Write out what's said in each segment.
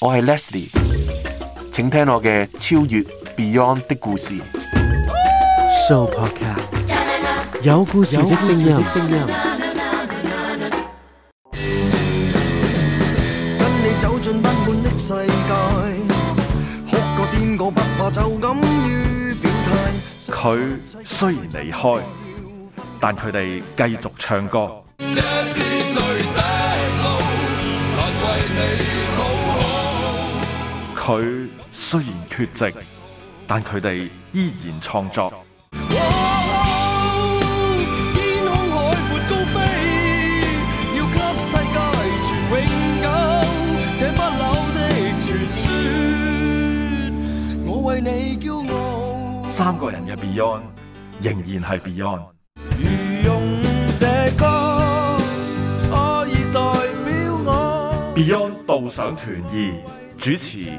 我係 Leslie，請聽我嘅超越 Beyond 的故事。Show podcast 有故事的聲音。跟你走進不滿的世界，哭過癲過不怕就敢於表態。佢雖然離開，但佢哋繼續唱歌。佢雖然缺席，但佢哋依然創作。三個人嘅 Beyond 仍然係 Beyond。Beyond 到省團二主持。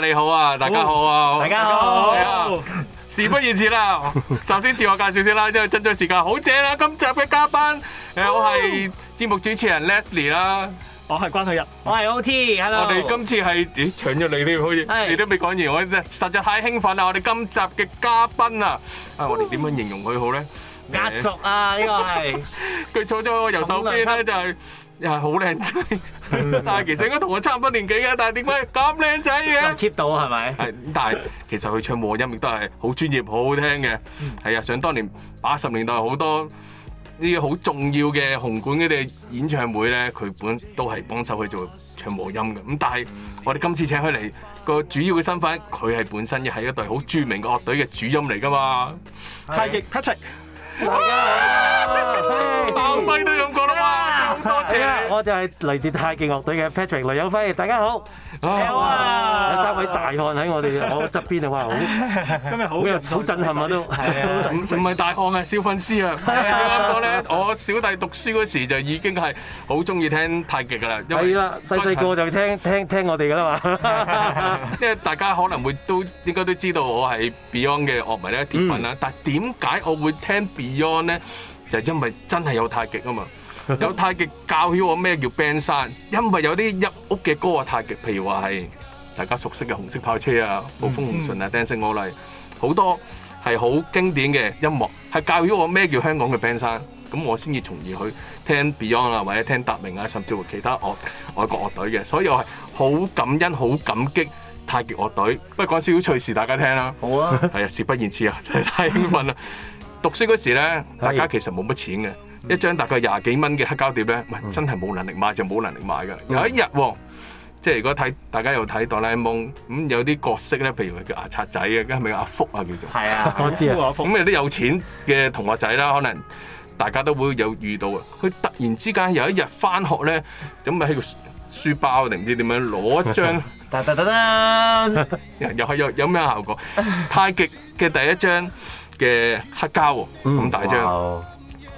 你好啊，大家好啊，好大家好，家好啊。事不宜遲啦， 首先自我介紹先啦，因為爭取時間，好正啦、啊，今集嘅嘉賓，誒、呃、我係節目主持人 Leslie 啦、哦，我係關泰日，我係 OT，Hello，我哋今次係，咦搶咗你添，好似，是你都未講完，我真實在太興奮啦，我哋今集嘅嘉賓啊，啊我哋點樣形容佢好咧？家族、哦、啊，呢、這個係，佢 坐咗我右手邊咧就係又係好靚仔。 帥 但係其實應該同我差唔多年紀嘅，但係點解咁靚仔嘅？keep 到係咪？係， 但係其實佢唱和音亦都係好專業、好好聽嘅。係啊、嗯，想當年八十年代好多呢啲好重要嘅紅館嘅演唱會咧，佢本都係幫手去做唱和音嘅。咁但係我哋今次請佢嚟個主要嘅身份，佢係本身亦係一隊好著名嘅樂隊嘅主音嚟㗎嘛。嗯、太極 Patrick。大家好，劉友輝都咁講啦，多謝。啊、我就係來自太極樂隊嘅 Patrick，雷有輝，大家好。有啊！有三位大漢喺我哋我側邊啊，哇！好，今日好，好震撼啊都，唔唔係大漢啊，小粉絲啊，點解講咧？我小弟讀書嗰時就已經係好中意聽太極噶啦，係啦，細細個就聽聽聽我哋噶啦嘛，因為大家可能會都應該都知道我係 Beyond 嘅樂迷咧、鐵粉啦，但點解我會聽 Beyond 咧？就因為真係有太極啊嘛！ 有太極教曉我咩叫 band 山，因為有啲入屋嘅歌啊，太極，譬如話係大家熟悉嘅《紅色跑車》mm hmm。無無啊，ancing，《暴風紅唇》啊，《Dancing 我嚟》，好多係好經典嘅音樂，係教曉我咩叫香港嘅 band 山，咁我先至從而去聽 Beyond 啊，或者聽達明啊，甚至乎其他樂外國樂隊嘅，所以我係好感恩、好感激太極樂隊。不如講少少趣事大家聽啦。好啊，係 啊，事不宜遲啊，真係太興奮啦！ 讀書嗰時咧，大家其實冇乜錢嘅。一張大概廿幾蚊嘅黑膠碟咧，喂，真係冇能力買就冇能力買嘅。有一日喎，即係如果睇大家又睇哆啦 A 夢咁，有啲角色咧，譬如話叫牙刷仔嘅，咁係咪阿福啊叫做？係啊，我知啊。阿福 啊，咁有啲有錢嘅同學仔啦，可能大家都會有遇到啊。佢突然之間有一日翻學咧，咁咪喺個書包定唔知點樣攞一張，得得得得，又係有有咩效果？太極嘅第一張嘅黑膠咁、 嗯、大張。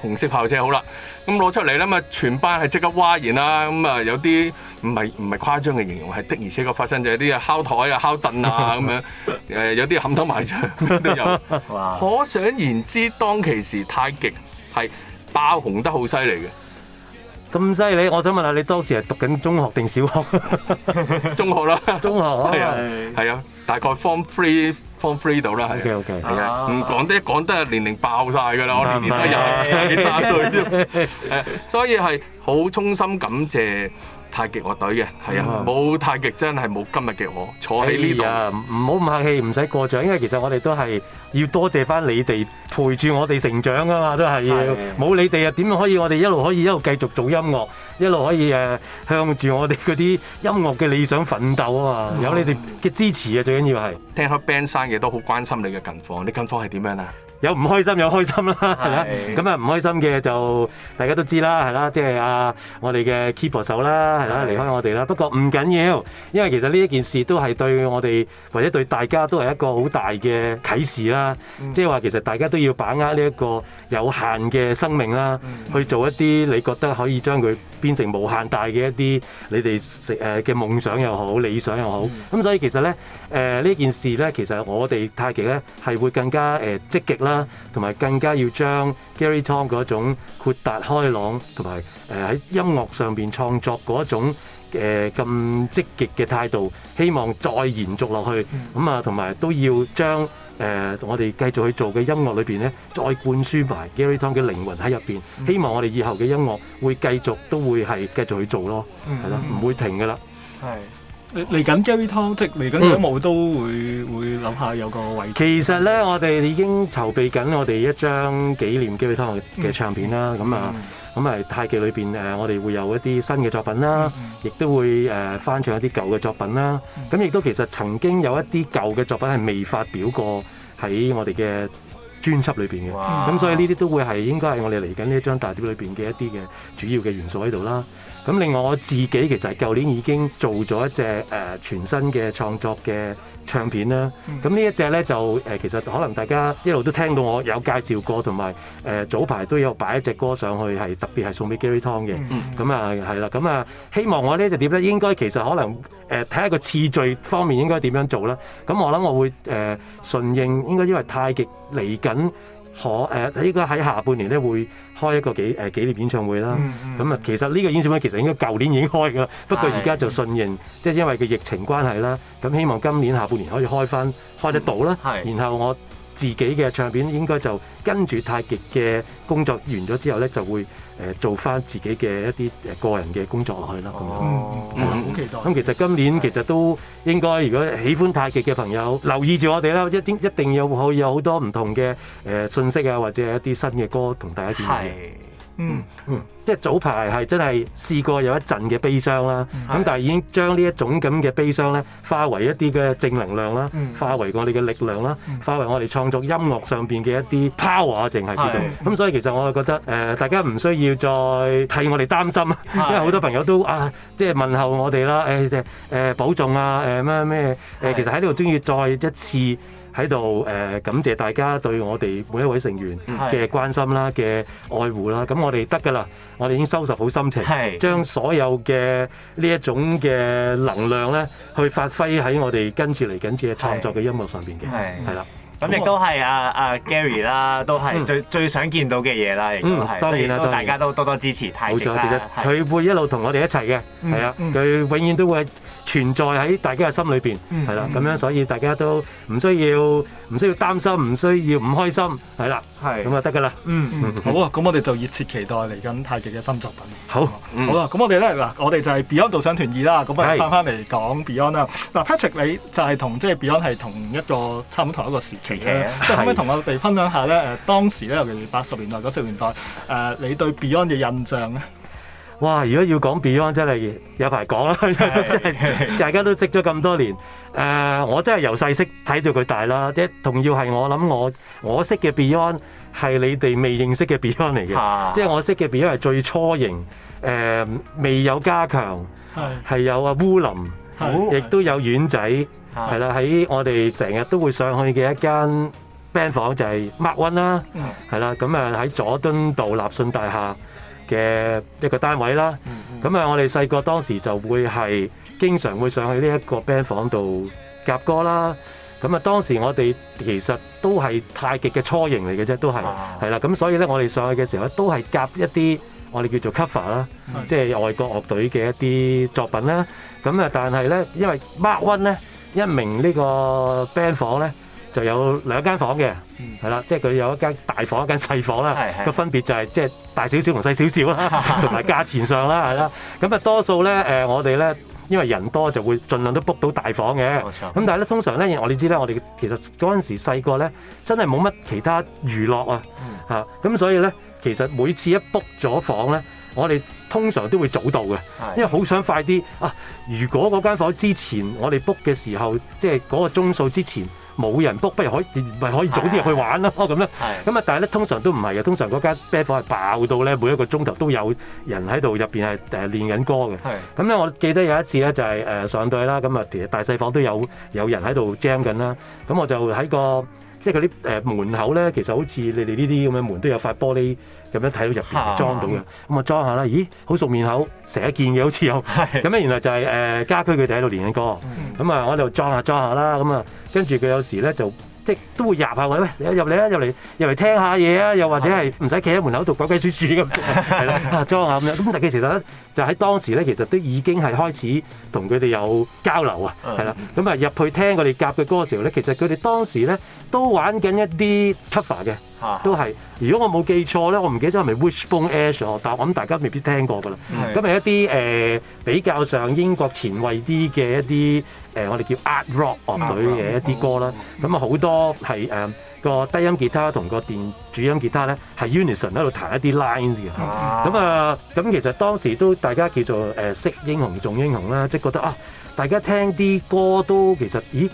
紅色跑車好啦，咁、嗯、攞出嚟啦，咁全班係即刻嘩然啦，咁、嗯、啊有啲唔係唔係誇張嘅形容係的，的，而且確發生咗係啲啊敲台敲啊敲凳啊咁樣，誒有啲冚頭埋牆，都哇可想而知，當其時太極係爆紅得好犀利嘅，咁犀利，我想問下你，你當時係讀緊中學定小學？ 中學啦，中學係啊，係是啊，大概 form three。form free 到啦，OK OK，唔講得一講得，啊、年齡爆晒㗎啦，行我年年都廿幾三十歲啫，誒， 所以係好衷心感謝。太極我隊嘅係啊，冇太極真係冇今日嘅我坐喺呢度。唔好唔客氣，唔使過獎，因為其實我哋都係要多謝翻你哋陪住我哋成長啊嘛，都係要冇你哋啊，點可以我哋一路可以一路繼續做音樂，一路可以誒、啊、向住我哋嗰啲音樂嘅理想奮鬥啊嘛，mm hmm. 有你哋嘅支持啊，最緊要係。聽開 Band 生嘅，都好關心你嘅近況，你近況係點樣啊？有唔開心有開心啦，係啦，啊是？咁啊唔開心嘅就大家都知啦，係啦，即、就、係、是、啊我哋嘅 keyboard 手啦，係啦，離是開我哋啦。不過唔緊要，因為其實呢一件事都係對我哋或者對大家都係一個好大嘅啟示啦。即係話其實大家都要把握呢一個有限嘅生命啦，嗯、去做一啲你覺得可以將佢變成無限大嘅一啲你哋誒嘅夢想又好、理想又好。咁、嗯、所以其實咧誒呢、呃、件事咧，其實我哋太極咧係會更加誒積極啦。呃啦，同埋更加要將 Gary Tong 嗰種豁達開朗，同埋誒喺音樂上邊創作嗰一種誒咁積極嘅態度，希望再延續落去咁啊，同埋都要將誒我哋繼續去做嘅音樂裏邊咧，再灌輸埋 Gary Tong 嘅靈魂喺入邊。希望我哋以後嘅音樂會繼續都會係繼續去做咯，係喇，唔會停㗎喇，係。嚟緊雞湯即嚟緊都冇都會會諗下有個位置。其實咧，我哋已經籌備緊我哋一張紀念雞湯嘅唱片啦。咁、嗯、啊，咁啊、嗯，太極裏邊誒，我哋會有一啲新嘅作品啦，亦、嗯嗯、都會誒、呃、翻唱一啲舊嘅作品啦。咁亦、嗯、都其實曾經有一啲舊嘅作品係未發表過喺我哋嘅專輯裏邊嘅。咁哇所以呢啲都會係應該係我哋嚟緊呢一張大碟裏邊嘅一啲嘅主要嘅元素喺度啦。咁另外我自己其實係舊年已經做咗一隻誒、呃、全新嘅創作嘅唱片啦。咁、嗯嗯、呢一隻咧就誒、呃、其實可能大家一路都聽到我有介紹過，同埋誒早排都有擺一隻歌上去，係特別係送俾 Gary Tong 嘅。咁啊係啦，咁、嗯、啊希望我呢一隻碟咧，應該其實可能誒睇下個次序方面應該點樣做啦。咁、嗯、我諗我會誒、呃、順應，應該因為太極嚟緊可誒、呃，應該喺下半年咧會開一個紀誒、呃、紀念演唱會啦，咁啊、嗯嗯、其實呢個演唱會其實應該舊年已經開㗎。不過而家就順應，的即係因為個疫情關係啦，咁希望今年下半年可以開返，開得到啦。嗯、然後我自己嘅唱片應該就跟住太極嘅工作完咗之後呢，就會。誒做翻自己嘅一啲誒個人嘅工作落去啦，咁樣，嗯嗯，好期待。咁其實今年其實都應該，係呀，如果喜歡太極嘅朋友留意住我哋啦，一定一定要可以有好多唔同嘅誒信息啊，或者一啲新嘅歌同大家見面。嗯、嗯，即係早排係真係試過有一陣嘅悲傷啦，咁、嗯、但係已經將呢一種咁嘅悲傷咧，化為一啲嘅正能量啦，嗯、化為我哋嘅力量啦，嗯、化為我哋創作音樂上邊嘅一啲 power，淨係叫做咁。嗯、所以其實我就覺得誒、呃，大家唔需要再替我哋擔心，嗯、因為好多朋友都啊，即係問候我哋啦，誒、呃、誒、呃呃、保重啊，誒咩咩誒，其實喺呢度中意再一次。喺度誒感謝大家對我哋每一位成員嘅關心啦，嘅愛護啦，咁我哋得㗎啦，我哋已經收拾好心情，將是所有嘅呢一種嘅能量咧，去發揮喺我哋跟住嚟緊嘅創作嘅音樂上邊嘅，係啦。咁亦、啊、都係啊阿、啊、Gary 啦，都係最、嗯、最想見到嘅嘢啦，而、就是嗯、當然啦、啊，大家都多多支持，太極啦冇錯。佢是 會一路同我哋一齊嘅，係啊、嗯，佢、嗯、永遠都會 S、嗯。存在喺大家嘅心裏邊，係啦，咁樣所以大家都唔需要唔需要擔心，唔需要唔開心，係啦，係咁就得㗎啦。嗯，好啊，咁我哋就熱切期待嚟緊太極嘅新作品。好，好啦，咁我哋咧嗱，我哋就係 Beyond 導賞團二啦，咁啊翻翻嚟講 Beyond 啦。嗱，Patrick，你就係同即係 Beyond 係同一個差唔多同一個時期嘅。即係可唔可以同我哋分享下咧誒當時咧，尤其八十年代、九十年代誒你對 Beyond 嘅印象咧？哇！如果要 ond, 講 Beyond 真係有排講啦，真係大家都識咗咁多年。誒、呃，我真係由細識睇到佢大啦。啲，仲要係我諗我我識嘅 Beyond 係你哋未認識嘅 Beyond 嚟嘅，的即係我識嘅 Beyond 係最初型，誒、呃、未有加強，係的有阿烏林，亦都的有丸仔，係啦，喺我哋成日都會上去嘅一間 band 房就係、是、Mark One 啦，係啦，咁誒喺佐敦道立信大廈。嘅一個單位啦，咁啊、嗯，嗯、我哋細個當時就會係經常會上去呢一個 band 房度夾歌啦。咁啊，當時我哋其實都係太極嘅雛形嚟嘅啫，都係係啦。咁、啊、所以咧，我哋上去嘅時候咧，都係夾一啲我哋叫做 cover 啦、嗯，即係外國樂隊嘅一啲作品啦。咁啊，但係咧，因為 Mark One 咧，一名呢個 band 房咧，就有兩間房嘅，係啦，即係佢有一間大房，一間細房啦。個是是 分別就係即係大少少同細少少啦，同埋價錢上啦，係啦。 咁、嗯、啊，多數咧誒，我哋咧因為人多就會盡量都 book 到大房嘅。咁沒錯 但係咧，通常咧，我哋知咧，我哋其實嗰陣時細個咧真係冇乜其他娛樂啊嚇。咁、嗯啊嗯、所以咧，其實每次一 book 咗房咧，我哋通常都會早到嘅，是的 因為好想快啲啊。如果嗰間房之前我哋 book 嘅時候，即係嗰個鐘數之前。冇人 book，不如可以咪可以早啲入去玩咯咁咧。咁 啊，但係咧通常都唔係嘅，通常嗰間 band 房係爆到咧，每一個鐘頭都有人喺度入邊係誒練緊歌嘅。咁咧是、嗯，我記得有一次咧就係、是、誒上對啦，咁、嗯、啊其實大細房都有有人喺度 jam 緊啦。咁、嗯、我就喺個。即係嗰啲誒門口咧，其實好似你哋呢啲咁嘅門都有塊玻璃咁樣睇到入邊裝到嘅，咁啊的、嗯、裝下啦，咦好熟面口，成日見嘅好似有。咁咧的原來就係、是、誒、呃、家駒佢哋喺度練緊歌，咁啊、嗯嗯、我就裝下裝下啦，咁啊跟住佢有時咧就。都會入下，喂喂，你入嚟啦，入嚟，入嚟聽下嘢啊！又或者係唔使企喺門口度鬼鬼祟祟咁，係啦、 啊，裝下咁樣。咁但其實咧，就喺當時咧，其實都已經係開始同佢哋有交流啊，係啦。咁啊入去聽佢哋夾嘅歌嘅時候咧，其實佢哋當時咧都玩緊一啲 cover 嘅。啊、都係，如果我冇記錯咧，我唔記得係咪 Wishbone Ash 哦，但我諗大家未必聽過㗎啦。咁係的一啲誒、呃、比較上英國前衛啲嘅一啲誒、呃，我哋叫 Art Rock 樂，樂隊嘅一啲歌啦。咁啊好多係誒、呃、個低音吉他同個電主音吉他咧，係 Unison 喺度彈一啲 lines 嘅。咁啊咁、呃、其實當時都大家叫做誒、呃、識英雄重英雄啦，即係覺得啊，大家聽啲歌都其實咦？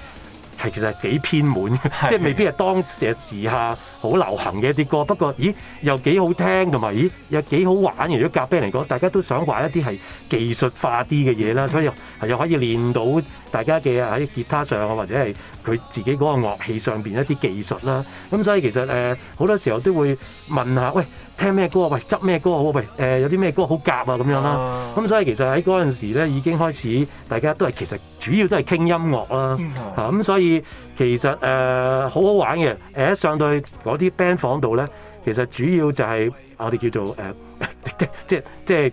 係其實幾偏門嘅，即係未必係當時時下好流行嘅一啲歌。不過，咦又幾好聽，同埋咦又幾好玩。如果夾 Band 嚟講，大家都想玩一啲係技術化啲嘅嘢啦，所以係又，又可以練到大家嘅喺吉他上啊，或者係佢自己嗰個樂器上邊一啲技術啦。咁所以其實誒好、呃、多時候都會問下，喂。聽咩歌啊？喂，執咩歌啊？喂，誒、呃、有啲咩歌好夾啊？咁樣啦，咁、Oh. 嗯、所以其實喺嗰陣時咧已經開始，大家都係其實主要都係傾音樂啦，嚇咁所以其實誒好好玩嘅，誒、呃、喺上到去嗰啲 band 房度咧，其實主要就係、是、我哋叫做誒。呃即即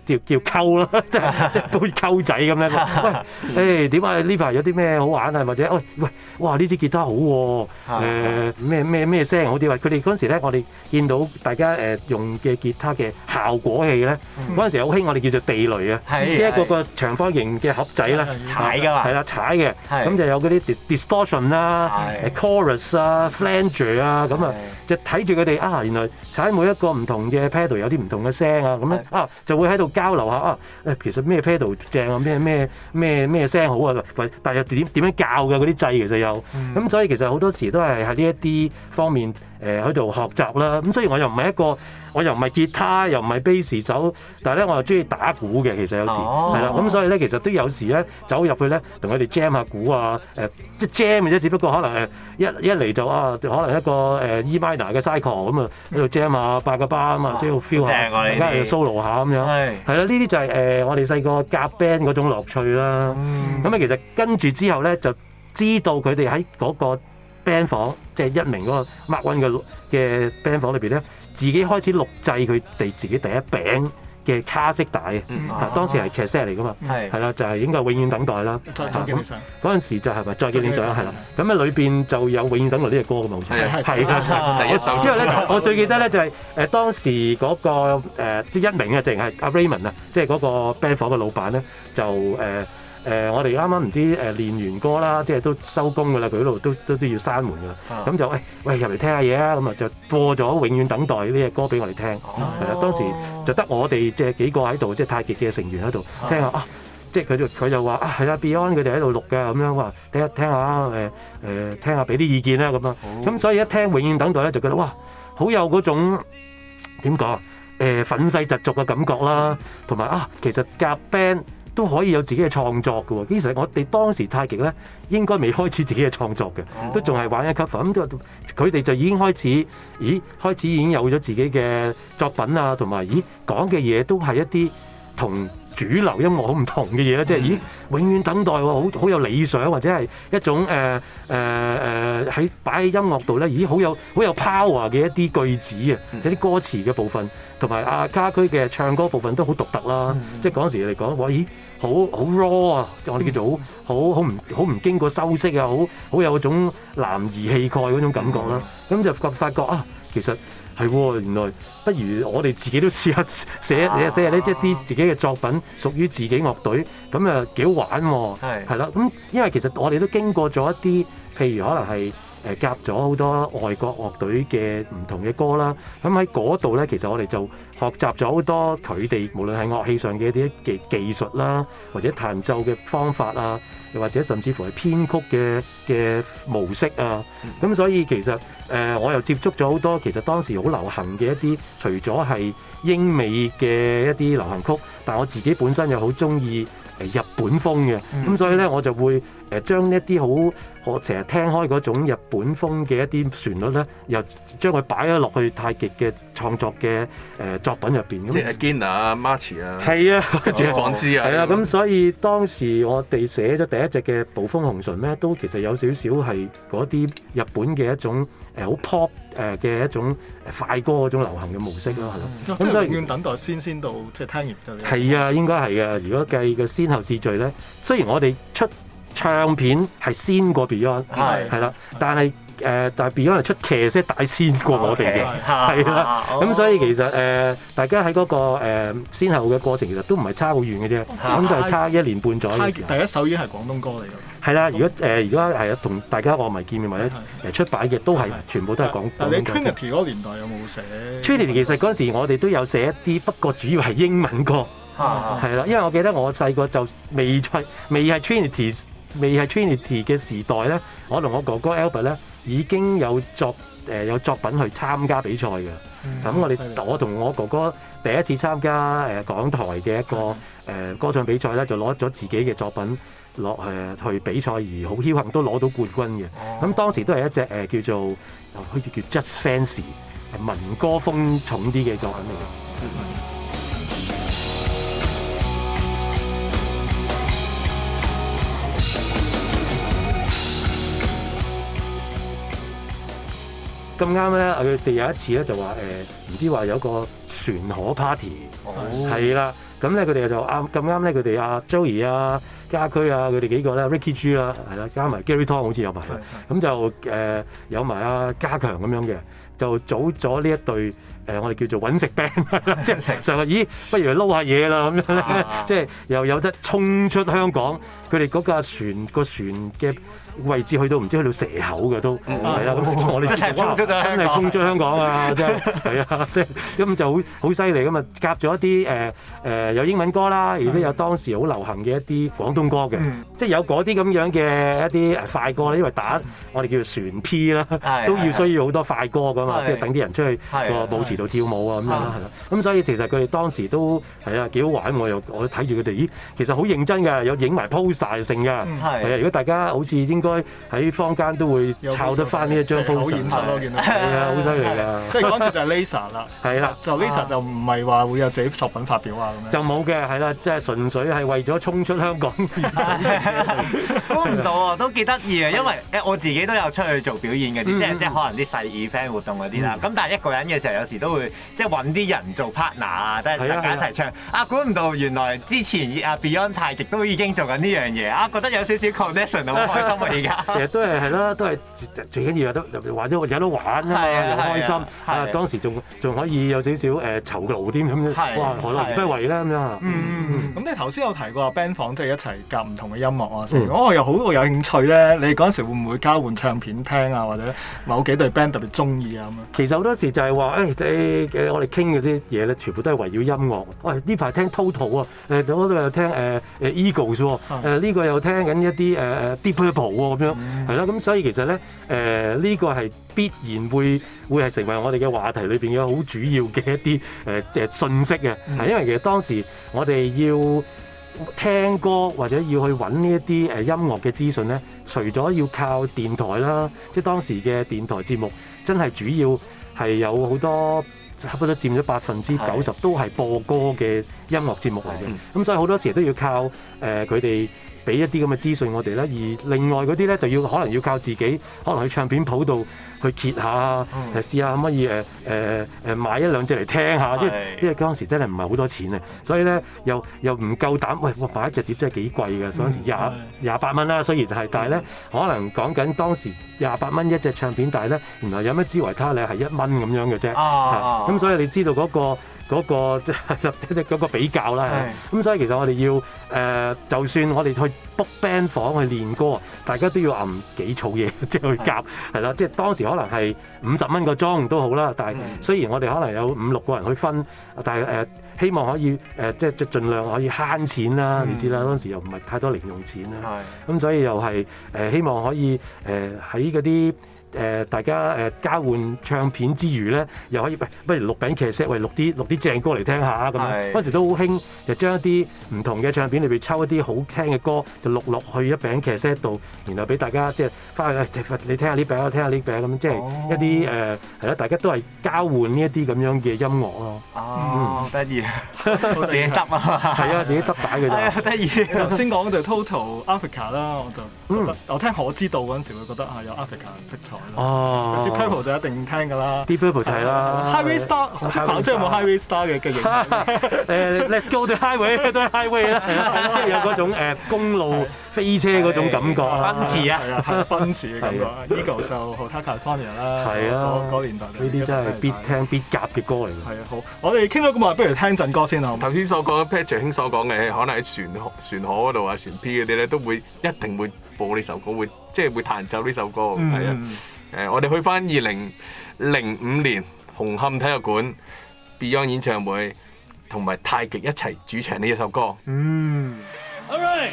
即叫叫溝啦，即即好似溝仔咁樣。喂，誒點啊？呢排有啲咩好玩啊？或者喂喂，哇！呢支吉他好喎，誒咩咩咩聲好啲？佢哋嗰陣時咧，我哋見到大家誒用嘅吉他嘅效果器咧，嗰陣時好興我哋叫做地雷啊，即係個個長方形嘅盒仔啦，踩噶嘛，係啦踩嘅，咁就有嗰啲 distortion 啦，chorus 啊，flanger 啊，咁啊就睇住佢哋啊，原來踩每一個唔同嘅 pedal 有啲唔同嘅聲啊。咁 啊，就會喺度交流下啊，誒，其實咩 pedal 正啊，咩咩咩咩聲好啊，或但係又點點樣教嘅嗰啲掣。其實又，咁、嗯、所以其實好多時都係喺呢一啲方面。誒喺度學習啦，咁雖然我又唔係一個，我又唔係吉他，又唔係 bass 手，但係咧我又中意打鼓嘅，其實有時係啦，咁、oh, 所以咧其實都有時咧走入去咧同佢哋 jam 下鼓啊，誒即係 jam 嘅啫，只不過可能誒一一嚟就啊，可能一個誒、呃、E minor 嘅 cycle 咁、哦、啊，喺度 jam 啊，八個巴啊嘛，即係要 feel 下，一間嚟就 solo 下咁樣，係啦，呢啲就係、是、誒、呃、我哋細個夾 band 嗰種樂趣啦。咁啊、 嗯嗯嗯，其實跟住之後咧就知道佢哋喺嗰個。band 房即係一名嗰個 Mark One 嘅嘅 band 房裏邊咧，自己開始錄製佢哋自己第一餅嘅卡式帶嘅，嗱當時係劇 set 嚟㗎嘛，係啦，就係應該永遠等待啦，嗰陣時就係咪再見戀上？係啦，咁咧裏邊就有永遠等待呢隻歌嘅錄製，係啦，第一首。之後咧，我最記得咧就係誒當時嗰個即一名啊，淨係阿 Raymond 啊，即係嗰個 band 房嘅老闆咧就誒。誒，我哋啱啱唔知誒練完歌啦，即係都收工噶啦，佢嗰度都都都要閂門噶啦。咁就誒，喂入嚟聽下嘢啊，咁啊就播咗《永遠等待》呢隻歌俾我哋聽。係啦，當時就得我哋即係幾個喺度，即係太極嘅成員喺度聽下啊。即係佢就佢就話啊，係啦，Beyond 佢哋喺度錄嘅咁樣話，聽聽下誒誒，聽下俾啲意見啦咁啊。咁所以一聽《永遠等待》咧，就覺得哇，好有嗰種點講誒憤世嫉俗嘅感覺啦，同埋啊，其實夾 band。都可以有自己嘅創作嘅喎、哦，其實我哋當時太極咧應該未開始自己嘅創作嘅，都仲係玩一 cover 咁，佢哋就已經開始，咦開始已經有咗自己嘅作品啊，同埋咦講嘅嘢都係一啲同主流音樂好唔同嘅嘢咧，即係咦永遠等待、哦，好好有理想或者係一種誒誒誒喺擺喺音樂度咧，咦好有好有 power 嘅一啲句子啊，即係、一啲歌詞嘅部分。同埋阿家駒嘅唱歌部分都好獨特啦，mm hmm. 即係嗰陣時嚟講話，咦，好好，好 raw 啊！我哋叫做好好好唔好唔經過修飾啊，好好有種男兒氣概嗰種感覺啦。咁、mm hmm. 就發發覺啊，其實係、哦、原來不如我哋自己都試下寫、ah、寫下呢即啲自己嘅作品，屬於自己樂隊咁啊幾好玩喎、哦，係啦、mm。咁、hmm. 嗯、因為其實我哋都經過咗一啲，譬如可能係。誒夾咗好多外國樂隊嘅唔同嘅歌啦，咁喺嗰度呢，其實我哋就學習咗好多佢哋無論係樂器上嘅一啲技技術啦，或者彈奏嘅方法啊，又或者甚至乎係編曲嘅嘅模式啊。咁所以其實誒、呃，我又接觸咗好多其實當時好流行嘅一啲，除咗係英美嘅一啲流行曲，但係我自己本身又好中意誒日本風嘅，咁所以呢，我就會。誒將一啲好我成日聽開嗰種日本風嘅一啲旋律咧，又將佢擺咗落去太極嘅創作嘅誒、呃、作品入邊。咁即係 Gina 啊，March 啊，係啊，仲有廣知啊。係啊、嗯。咁所以當時我哋寫咗第一隻嘅《暴風紅唇》咧、嗯，都其實有少少係嗰啲日本嘅一種誒好 pop 誒嘅一種快歌嗰種流行嘅模式咯，係咯。咁所以要等待先先到，即係聽完就係啊，應該係啊。如果計個先後次序咧，雖然我哋出唱片係先過 Beyond，係係啦，但係誒，但係 Beyond 係出卡式帶先過我哋嘅，係啦，咁所以其實誒，大家喺嗰個先後嘅過程，其實都唔係差好遠嘅啫，咁就係差一年半左右。第一首已經係廣東歌嚟㗎。係啦，如果誒而家係啊，同大家我咪見面或者誒出版嘅都係全部都係廣東。你 Trinity 嗰個年代有冇寫？Trinity 其實嗰陣時我哋都有寫一啲，不過主要係英文歌，係啦，因為我記得我細個就未出未係 Trinity。未係 Trinity 嘅時代咧，我同我哥哥 Albert 咧已經有作誒、呃、有作品去參加比賽嘅。咁、嗯嗯、我哋我同我哥哥第一次參加誒、呃、港台嘅一個誒、嗯呃、歌唱比賽咧，就攞咗自己嘅作品落誒去，去比賽，而好僥幸都攞到冠軍嘅。咁、嗯、當時都係一隻誒、呃、叫做好似叫 Just Fancy，民歌風重啲嘅作品嚟嘅。嗯嗯咁啱咧，佢哋有一次咧就話誒，唔知話有個船河 party，係啦。咁咧佢哋就啱，咁啱咧佢哋阿 Joey 啊、家駒啊、佢哋幾個咧、Ricky G 啦，係啦，加埋 Gary Tong 好似有埋。咁就誒有埋啊，加強咁樣嘅，就組咗呢一隊誒，我哋叫做揾食 band，即係就話咦，不如去撈下嘢啦咁樣咧，即係又有得衝出香港。佢哋嗰架船個船嘅，位置去到唔知去到蛇口嘅都，係啊，咁我哋真係衝出咗，真係衝出香港啊！真係係啊，即係咁就好好犀利㗎嘛。夾咗一啲誒誒有英文歌啦，亦都有當時好流行嘅一啲廣東歌嘅，即係有嗰啲咁樣嘅一啲快歌啦，因為打我哋叫做船 P 啦，都要需要好多快歌噶嘛，即係等啲人出去個舞池度跳舞啊咁樣啦，係啦。咁所以其實佢哋當時都係啊幾好玩，我又我睇住佢哋，咦，其實好認真嘅，有影埋 pose 成嘅，係啊。如果大家好似已經。應該喺坊間都會抄得翻呢一張 poster 好演砸咯，原來係啊，好犀利㗎！即係講住就 Laser 啦。係啦，就 Laser 就唔係話會有自己作品發表啊咁樣。就冇嘅，係啦，即係純粹係為咗衝出香港。估唔到啊，都幾得意啊！因為誒我自己都有出去做表演嗰啲，即係即係可能啲細耳 fan 活動嗰啲啦。咁但係一個人嘅時候，有時都會即係揾啲人做 partner 啊，即係大家一齊唱啊。估唔到原來之前阿 Beyond 太極都已經做緊呢樣嘢啊！覺得有少少 connection 好開心其實都係係咯，都係最緊要有得，又玩咗有得玩啊嘛，又開心。啊，當時仲仲可以有少少誒酬勞添咁樣，哇，海內外啦咁樣。咁你頭先有提過 band 房即係一齊夾唔同嘅音樂啊，成咁我又好有興趣咧。你嗰陣時會唔會交換唱片聽啊，或者某幾隊 band 特別中意啊咁啊？其實好多時就係話誒我哋傾嗰啲嘢咧，全部都係圍繞音樂。喂，呢排聽 Total 啊，誒我嗰度又聽誒誒 Eagles 喎，誒呢個又聽緊一啲誒誒 Deep 咁樣，係啦、嗯，咁、嗯、所以其實咧，誒、呃、呢、這個係必然會會係成為我哋嘅話題裏邊嘅好主要嘅一啲誒誒訊息嘅，係、嗯、因為其實當時我哋要聽歌或者要去揾呢一啲誒音樂嘅資訊咧，除咗要靠電台啦，即係當時嘅電台節目真係主要係有好多差不多佔咗百分之九十都係播歌嘅音樂節目嚟嘅，咁的、嗯嗯、所以好多時都要靠誒佢哋。呃俾一啲咁嘅資訊我哋啦。而另外嗰啲咧就要可能要靠自己，可能去唱片鋪度去揭下啊，試、嗯、下可唔可以誒誒誒買一兩隻嚟聽下，的因為因為嗰陣時真係唔係好多錢啊，所以咧又又唔夠膽喂，買一隻碟真係幾貴㗎，嗰陣時廿廿八蚊啦，雖然係，嗯、但係咧可能講緊當時廿八蚊一隻唱片，但係咧原來有咩支維他利係一蚊咁樣嘅啫，咁、啊嗯、所以你知道嗰、嗰個。嗰那個即即係比較啦，咁的、嗯、所以其實我哋要誒、呃，就算我哋去 book band 房去練歌，大家都要揞幾儲嘢即係去夾，係啦的，即係當時可能係五十蚊個鐘都好啦，但係雖然我哋可能有五六個人去分，但係誒、呃、希望可以誒、呃、即係盡量可以慳錢啦，嗯、你知啦，當時又唔係太多零用錢啦，咁的所以又係誒、呃、希望可以誒喺嗰啲。呃誒大家誒交換唱片之餘咧，又可以喂，不如錄餅卡 set，喂，錄啲錄啲正歌嚟聽下咁樣。嗰時都好興，就將一啲唔同嘅唱片裏邊抽一啲好聽嘅歌，就錄落去一餅卡 set 度，然後俾大家即係翻去你聽下呢餅，我聽下呢餅咁即係一啲誒係咯，大家都係交換呢一啲咁樣嘅音樂咯。哦，得意，自己揀啊，係啊，自己揀帶嘅就得意。頭先講嗰 Total Africa 啦，我就我聽可知道嗰陣時會覺得啊有 Africa 色彩。哦，Deep Purple 就一定聽㗎啦，Deep Purple 就係啦。Highway Star 紅色跑車有冇 Highway Star 嘅嘅形象？Let's Go the Highway 都係 Highway 啦，即係有嗰種公路飛車嗰種感覺。奔馳啊，係啊，奔馳嘅感覺。Eagles 就 Hotel California 啦，係啊，嗰年代呢啲真係必聽必夾嘅歌嚟㗎。係啊，好，我哋傾咗咁耐，不如聽陣歌先啊。頭先所講 Patrick 兄所講嘅，可能喺船船河嗰度啊，船 P 嗰啲咧都會一定會播呢首歌，會即係會彈奏呢首歌。係啊。誒，我哋去返二零零五年紅磡體育館 Beyond 演唱會，同埋太極一齊主唱呢一首歌。嗯。All right.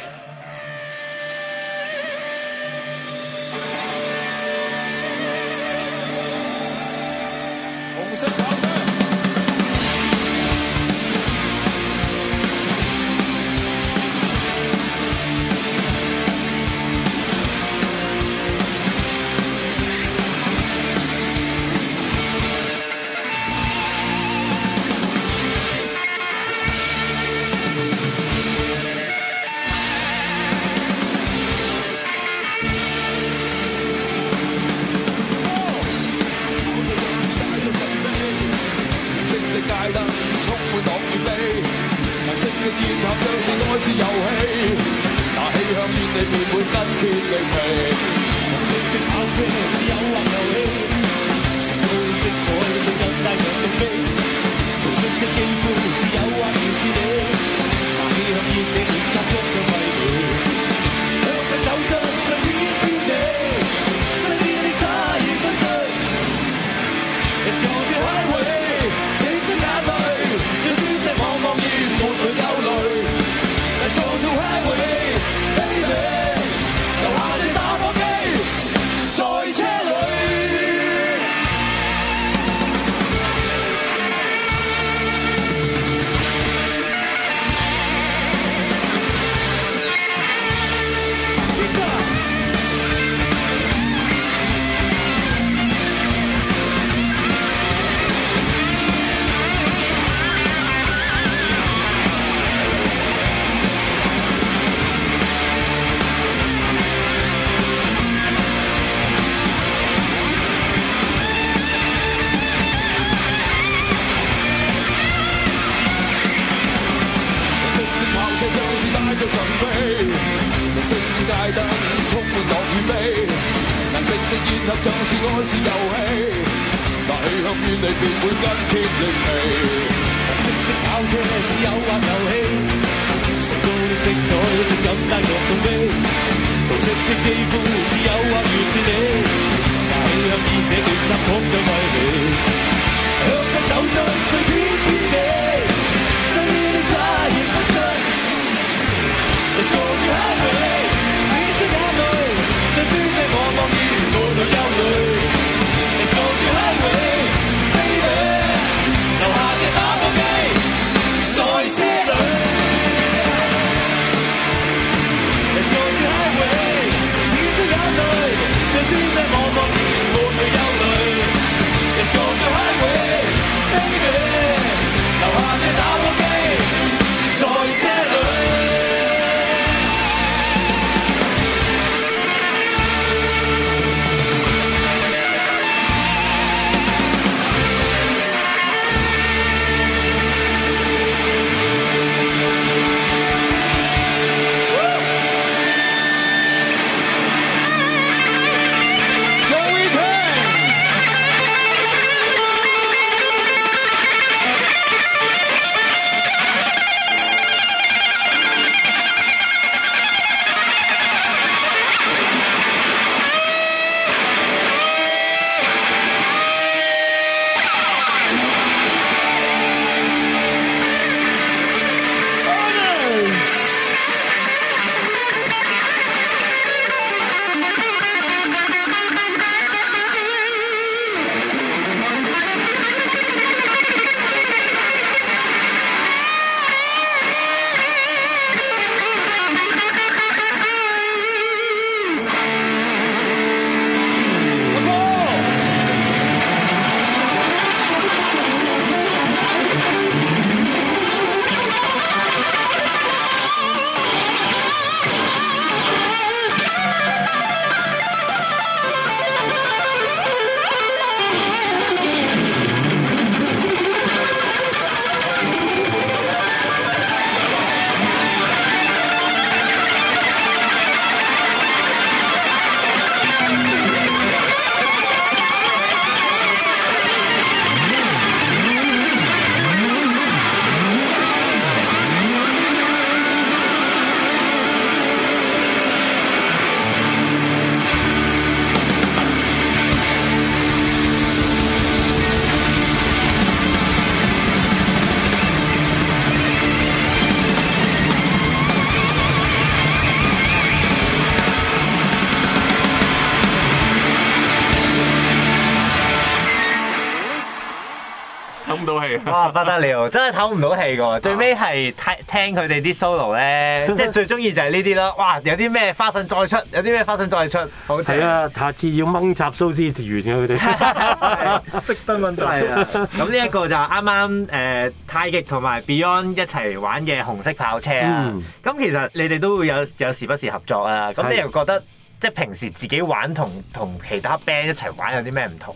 真係唞唔到氣喎！最尾係聽聽佢哋啲 solo 咧，即係最鍾意就係呢啲咯。哇！有啲咩花臣再出，有啲咩花臣再出，係啊！下次要掹插蘇至完嘅佢哋，識得問就係。咁呢一個就啱啱誒太極同埋 Beyond 一齊玩嘅紅色跑車啊！咁、嗯、其實你哋都會有有時不時合作啊！咁你又覺得的即係平時自己玩同同其他 band 一齊玩有啲咩唔同？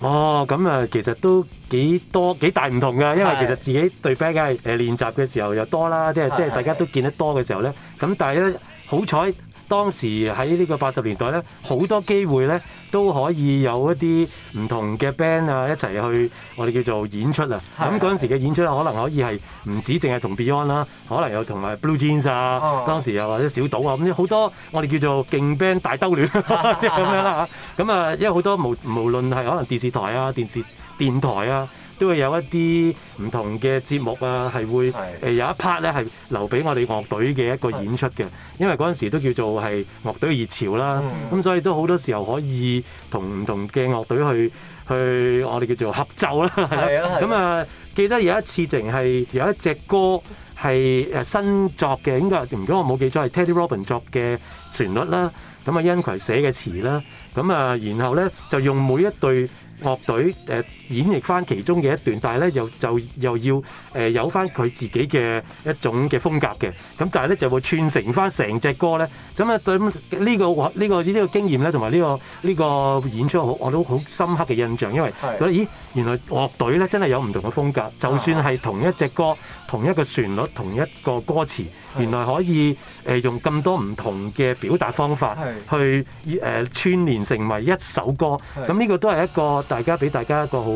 哦，咁啊，其實都幾多幾大唔同嘅，因為其實自己對 band 誒練習嘅時候又多啦，的即係大家都見得多嘅時候咧，咁但係咧的好彩。當時喺呢個八十年代咧，好多機會咧都可以有一啲唔同嘅 band 啊一齊去我哋叫做演出啊，咁嗰陣時嘅演出可能可以係唔止淨係同 Beyond 啦，可能又同埋 Blue Jeans 啊。哦、當時又或者小島啊，咁好多我哋叫做勁 band 大兜亂，即係咁樣啦嚇。咁啊，因為好多無無論係可能電視台啊、電視電台啊。都會有一啲唔同嘅節目啊，係會誒有一 part 咧係留俾我哋樂隊嘅一個演出嘅，因為嗰陣時都叫做係樂隊熱潮啦，咁所以都好多時候可以同唔同嘅樂隊去去我哋叫做合奏啦。係啊，咁啊記得有一次淨係有一隻歌係誒新作嘅，應該如果我冇記錯係 Teddy Robin 作嘅旋律啦，咁啊因葵寫嘅詞啦，咁啊然後咧就用每一隊樂隊誒。演繹翻其中嘅一段，但係咧又就又要誒、呃、有翻佢自己嘅一種嘅風格嘅，咁但係咧就會串成翻成隻歌咧。咁啊，對、呢個、呢個呢、呢個呢、呢個呢個經驗咧，同埋呢個呢、呢個演出，好我都好深刻嘅印象，因為覺得是咦，原來樂隊咧真係有唔同嘅風格，就算係同一隻歌、同一個旋律、同一個歌詞，原來可以誒是、呃、用咁多唔同嘅表達方法是去誒、呃、串連成為一首歌。咁呢個都係一個大家俾大家一個好。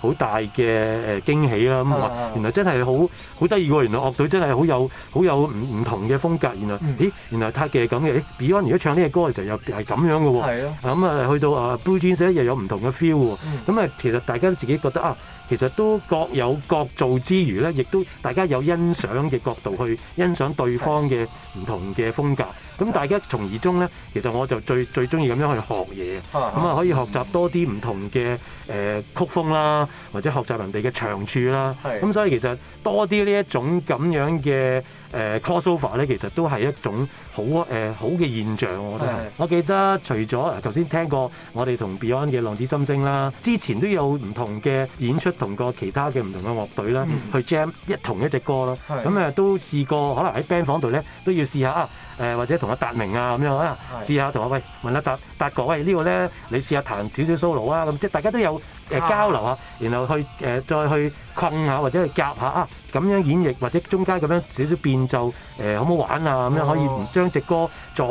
好好大嘅誒驚喜啦！咁啊，原來真係好好得意喎。原來樂隊真係好有好有唔唔同嘅風格。原來、嗯、咦，原來泰嘅係咁嘅。Beyond 如果唱呢隻歌嘅時候又係咁樣嘅，咁啊、嗯，去到啊 Blue Jeans 又有唔同嘅 feel、嗯。咁啊、嗯，其實大家都自己覺得啊，其實都各有各做之餘咧，亦都大家有欣賞嘅角度去欣賞對方嘅唔同嘅風格。咁是大家從而中咧，其實我就最最中意咁樣去學嘢，咁啊、哦、可以學習多啲唔同嘅誒、呃、曲風啦，或者學習人哋嘅長處啦。咁是所以其實多啲呢一這種咁樣嘅誒、呃、crossover 咧，其實都係一種好誒、呃、好嘅現象，我覺得。我記得除咗頭先聽過我哋同 Beyond 嘅《浪子心聲》啦，之前都有唔同嘅演出同過其他嘅唔同嘅樂隊啦，是 da, 去 jam 一同一隻歌啦。咁啊是、嗯、都試過，可能喺 band 房度咧都要試下。Yeah. 誒或者同阿達明啊咁樣啊，試下同阿喂問阿達達哥喂，呢個咧，你試下彈少少 solo 啊咁，即係大家都有。誒、啊嗯、交流下，然後去誒、呃、再去困下或者去夾下啊，咁樣演繹或者中間咁樣少少變奏，誒、呃、好唔好玩啊？咁樣、哦、可以將隻歌再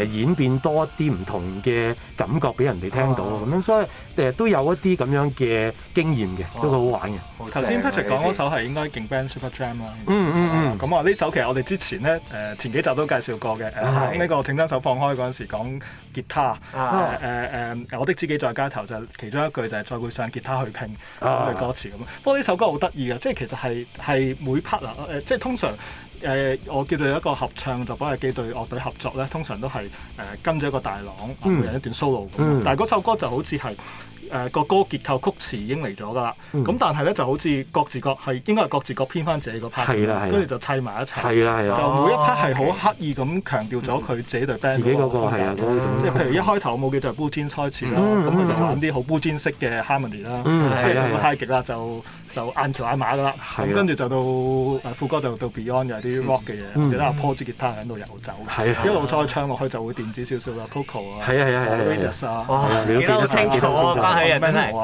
誒演變多一啲唔同嘅感覺俾人哋聽到啊！咁樣所以誒都有一啲咁樣嘅經驗嘅，哇都好好玩嘅。頭先 Patrick 講嗰首係應該勁 Band Super Jam 啦、嗯。嗯嗯嗯。咁啊呢、啊、首其實我哋之前呢，誒、呃、前幾集都介紹過嘅。呢、呃呃這個請將手放開嗰陣時講吉他。啊。誒我的自己在街頭就其中一句就係上結他去拼、uh. 去歌詞咁啊！不過呢首歌好得意嘅，即係其實係係每 part 啊誒，即係通常誒、呃，我叫做一個合唱，就幫佢幾隊樂隊合作咧，通常都係誒、呃、跟咗一個大朗，每人一段 solo 咁、mm. 但係嗰首歌就好似係。誒個歌結構曲詞已經嚟咗㗎啦，咁但係咧就好似各自各係應該係各自各編翻自己個 part，跟住就砌埋一齊。就每一 part 係好刻意咁強調咗佢自己對 band 自己個係啊，即係譬如一開頭冇叫做 booty 開始啦，咁佢就玩啲好 booty 式嘅 harmony 啦，係到太極啦就就硬條硬碼㗎啦，跟住就到副歌就到 Beyond 嘅啲 rock 嘅嘢，記得阿 poz u i t 吉他喺度游走，一路再唱落去就會電子少少啦 c o c o 啊，係啊係啊係 s 啊，都清楚啊？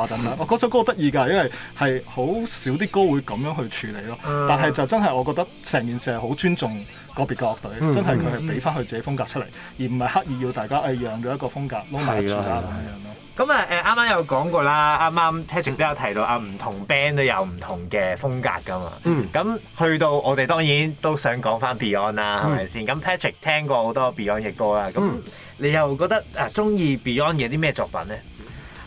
咁樣，我嗰首歌得意㗎，因為係好少啲歌會咁樣去處理咯。嗯、但係就真係我覺得成件事係好尊重個別樂隊，嗯、真係佢係俾翻佢自己風格出嚟，嗯、而唔係刻意要大家誒讓咗一個風格撈埋住咁樣咯。咁啊誒，啱啱、呃、有講過啦，啱啱 Patrick 都有提到啊，唔同 band 都有唔同嘅風格㗎嘛。咁、嗯、去到我哋當然都想講翻 Beyond 啦，係咪先？咁 Patrick 聽過好多 Beyond 嘅歌啦，咁你又覺得啊中意、啊、Beyond 嘅啲咩作品咧？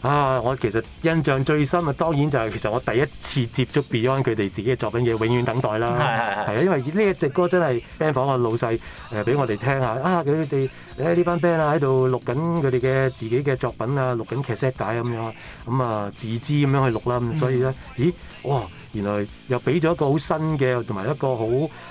啊！我其實印象最深啊，當然就係其實我第一次接觸 Beyond 佢哋自己嘅作品嘅《永遠等待》啦，係啊， 因為呢一隻歌真係 Band 房嘅老細誒俾我哋聽下啊，佢哋你喺呢班 Band 啊喺度錄緊佢哋嘅自己嘅作品啊，錄緊 cassette 帶咁樣，咁啊自資咁樣去錄啦，咁 所以咧，咦，哇！原來又俾咗一個好新嘅，同埋一個好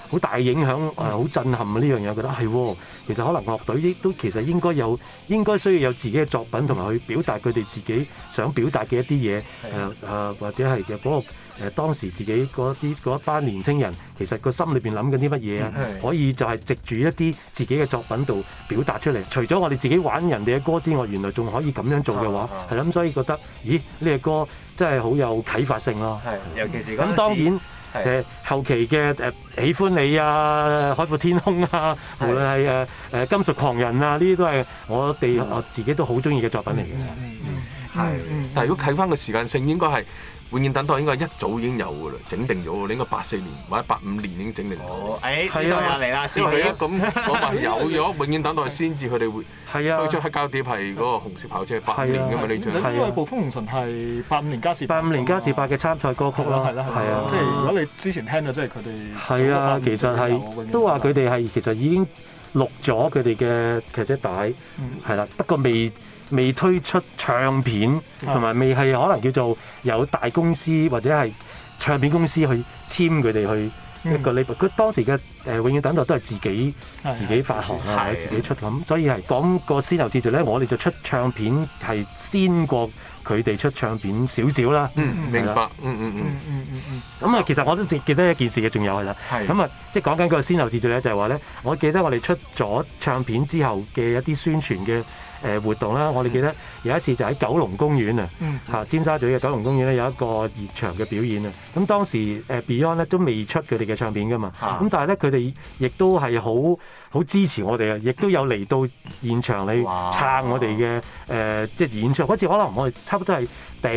好大影響，誒好震撼啊！呢樣嘢我覺得係喎、哎，其實可能樂隊亦都其實應該有，應該需要有自己嘅作品，同埋去表達佢哋自己想表達嘅一啲嘢，誒誒的、呃、或者係嘅嗰個誒當時自己嗰啲一班年青人，其實個心裏邊諗緊啲乜嘢啊？嗯、是可以就係藉住一啲自己嘅作品度表達出嚟。除咗我哋自己玩人哋嘅歌之外，原來仲可以咁樣做嘅話，係啦。所以覺得，咦？呢隻歌真係好有啟發性咯。尤其是咁。當然，誒後期嘅誒、呃、喜歡你啊、海闊天空啊，無論係誒誒金屬狂人啊，呢啲都係我哋、嗯、自己都好中意嘅作品嚟嘅、嗯。嗯，嗯嗯嗯但係如果睇翻個時間性，應該係。永遠等待應該一早已經有㗎啦，整定咗喎。你應該八四年或者八五年已經整定咗。誒，呢度又嚟啦，知唔知啊？咁我話有咗永遠等待先至，佢哋會係啊，出黑膠碟係嗰個紅色跑車八年㗎嘛？你最，你因為暴風紅塵係八五年加時八五年加時八嘅參賽歌曲啦，係啦，係啊，即係如果你之前聽到，即係佢哋係啊，其實係都話佢哋係其實已經錄咗佢哋嘅劇集帶，係啦，不過未。未推出唱片，同埋未係可能叫做有大公司或者係唱片公司去簽佢哋去一個 label。佢、嗯、當時嘅誒永遠等待都係自己自己發行啊，自己出咁，direct，嗯、所以係講個先後秩序咧，我哋就出唱片係先過佢哋出唱片少少啦。明白。嗯嗯嗯嗯嗯嗯。咁啊，其實我都記記得一件事嘅，仲有係啦。係、 嗯。咁啊，即係講緊個先後秩序咧，就係話咧，我記得我哋出咗唱片之後嘅一啲宣傳嘅。傳誒、呃、活動啦，我哋記得有一次就喺九龍公園啊，嚇、嗯、尖沙咀嘅九龍公園咧有一個熱場嘅表演啊。咁當時誒 Beyond 咧都未出佢哋嘅唱片㗎嘛，咁、啊、但係咧佢哋亦都係好好支持我哋啊，亦都有嚟到現場嚟撐我哋嘅誒即係演唱。嗰次可能我哋差唔多係第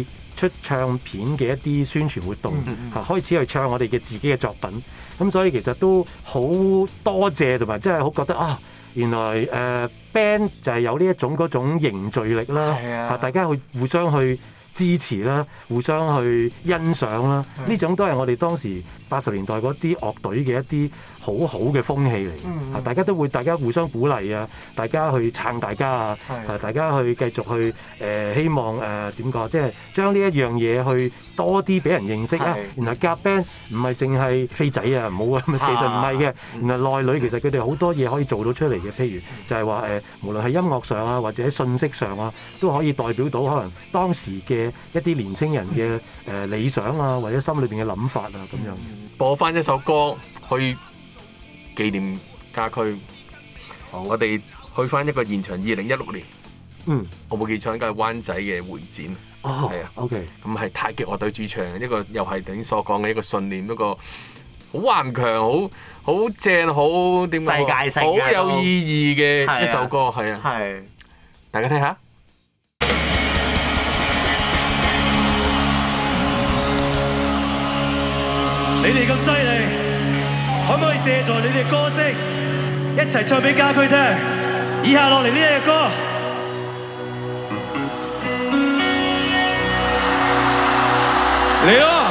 一次出唱片嘅一啲宣傳活動，嚇、嗯嗯、開始去唱我哋嘅自己嘅作品。咁所以其實都好多謝同埋，真係好覺得啊！原來誒、呃、band 就係有呢一種嗰種凝聚力啦，係啊大家會互相去支持啦，互相去欣賞啦，呢種都係我哋當時八十年代嗰啲樂隊嘅一啲好好嘅風氣嚟嘅。啊、mm，hmm. 大家都會大家互相鼓勵啊，大家去撐大家啊，啊、mm，hmm. 大家去繼續去誒、呃、希望誒點講即係將呢一樣嘢去多啲俾人認識啊。Mm hmm. 然後夾 band 唔係淨係飛仔啊，唔好啊，啊其實唔係嘅。然後內裏其實佢哋好多嘢可以做到出嚟嘅，譬如就係話誒無論係音樂上啊，或者喺信息上啊，都可以代表到可能當時嘅。一啲年青人嘅誒理想啊，或者心裏邊嘅諗法啊，咁樣播翻一首歌去紀念家駒。好我哋去翻一個現場，二零一六年，嗯，我冇記錯應該係灣仔嘅會展，係、嗯、啊，OK，咁係太極樂隊主唱，一個又係頭先所講嘅一個信念，一個好頑強，好好正，好點解世界性嘅好有意義嘅一首歌，係、嗯嗯、啊，係、啊，大家聽下。你哋咁犀利，可唔可以借助你哋嘅歌聲一齊唱俾家駒聽？以下落嚟呢一首歌，你咯。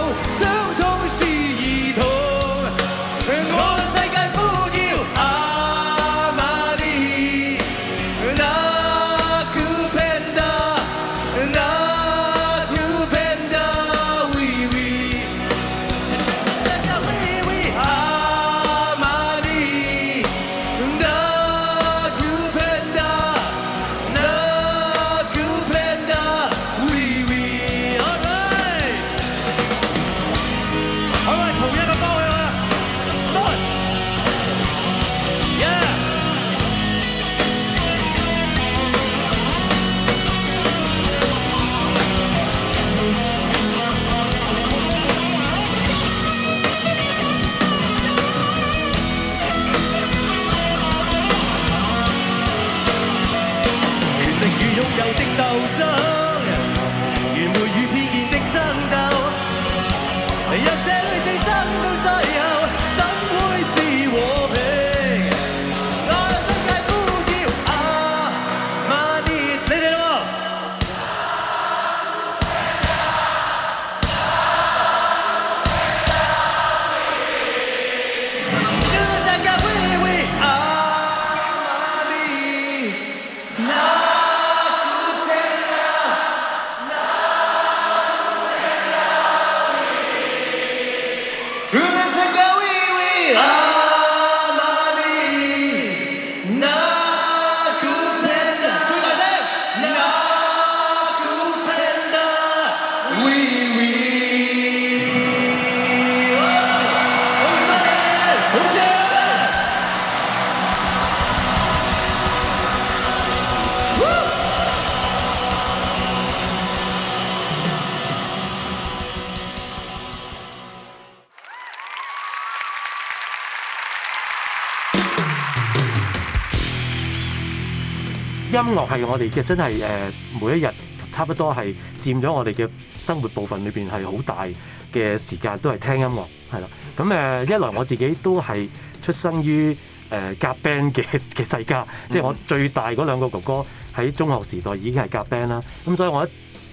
音樂係我哋嘅真係誒、呃、每一日差唔多係佔咗我哋嘅生活部分裏邊係好大嘅時間，都係聽音樂係啦。咁誒、呃、一來我自己都係出生於誒夾、呃、band 嘅嘅世界，即係我最大嗰兩個哥哥喺中學時代已經係夾 band 啦。咁所以我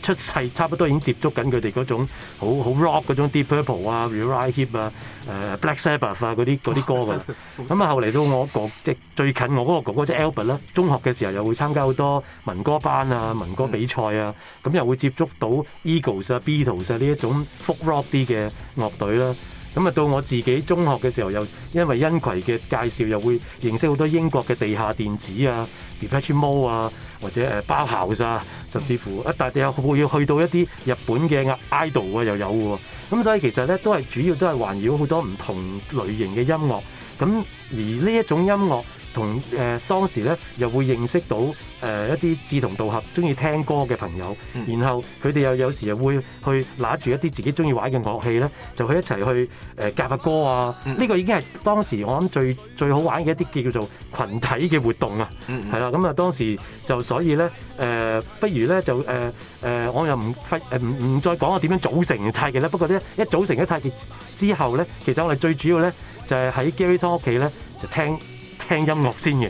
出世差不多已經接觸緊佢哋嗰種好好 rock 嗰種 Deep Purple 啊、Uriah Heep 啊、誒、uh, Black Sabbath 啊嗰啲啲歌㗎。咁啊，後嚟到我哥即最近我嗰個哥哥即係 Albert 啦。就是、Albert，中學嘅時候又會參加好多民歌班啊、民歌比賽啊，咁 又會接觸到 Eagles 啊、Beatles 啊呢一種 folk rock 啲嘅樂隊啦。咁啊，到我自己中學嘅時候又因為恩葵嘅介紹又會認識好多英國嘅地下電子啊、Depeche Mode 啊。或者誒、呃、包豪斯啊，甚至乎啊，但係有冇要去到一啲日本嘅 idol 啊，又有喎。咁所以其實咧，都係主要都係環繞好多唔同類型嘅音樂。咁而呢一種音樂。同誒、呃、當時咧，又會認識到誒、呃、一啲志同道合、中意聽歌嘅朋友，嗯、然後佢哋又有時又會去拿住一啲自己中意玩嘅樂器咧，就去一齊去誒夾下歌啊！呢、這個已經係當時我諗最最好玩嘅一啲叫做群體嘅活動啊！係啦，咁啊當時就所以咧誒、呃，不如咧就誒誒、呃呃，我又唔費唔唔再講我點樣組成太極啦。不過咧，一組成一太極之後咧，其實我哋最主要咧就係喺 Gary Tong 屋企咧就聽、是。聽音樂先嘅，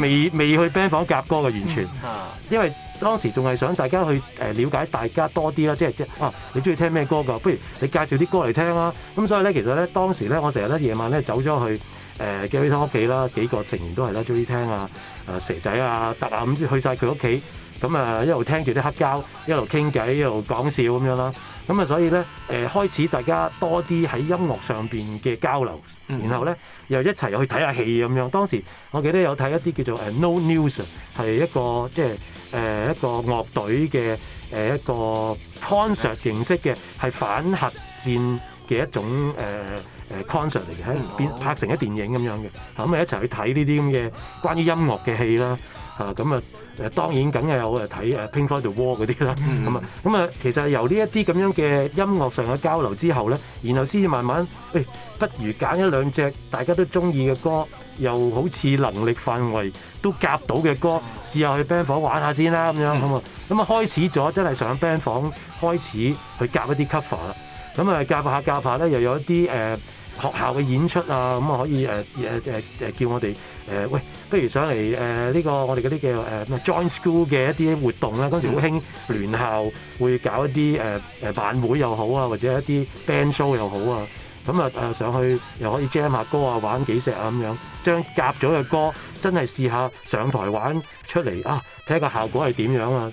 未未去 band 房夾歌嘅，完全，因為當時仲係想大家去誒了解大家多啲啦，即係即係啊，你中意聽咩歌噶，不如你介紹啲歌嚟聽啦。咁所以咧，其實咧當時咧，我成日咧夜晚咧走咗去誒 Gary Tom 屋企啦，幾個成員都係咧中意聽啊啊蛇仔啊，得啊咁去晒佢屋企。咁啊、嗯，一路聽住啲黑膠，一路傾偈，一路講笑咁樣啦。咁啊，所以咧，誒、呃、開始大家多啲喺音樂上邊嘅交流，然後咧又一齊去睇下戲咁樣。當時我記得有睇一啲叫做誒 No News，係一個即係誒、呃、一個樂隊嘅誒、呃、一個 concert 形式嘅，係反核戰嘅一種誒誒、呃、concert 嚟嘅，喺拍成一電影咁樣嘅。咁啊，一齊去睇呢啲咁嘅關於音樂嘅戲啦。啊，咁啊～誒當然梗係有誒睇誒 Pink Floyd、War 嗰啲啦，咁啊、mm，咁、hmm. 啊、嗯嗯，其實由呢一啲咁樣嘅音樂上嘅交流之後咧，然後先至慢慢誒、哎，不如揀一兩隻大家都中意嘅歌，又好似能力範圍都夾到嘅歌，試下去 band 房玩下先啦，咁樣咁啊，咁、hmm. 啊、嗯嗯嗯、開始咗真係上 band 房開始去夾一啲 cover 啦、嗯，咁啊夾下夾下咧，又有一啲誒、呃、學校嘅演出啊，咁、嗯、啊可以誒誒誒誒叫我哋誒、呃、喂。不如上嚟誒呢個我哋嗰啲嘅誒、呃、joint school 嘅一啲活動啦。當時好興聯校會搞一啲誒誒晚會又好啊，或者一啲 band show 又好啊，咁啊誒上去又可以 jam 下歌啊，玩幾隻啊咁樣，將夾咗嘅歌真係試下上台玩出嚟啊，睇下個效果係點樣啊，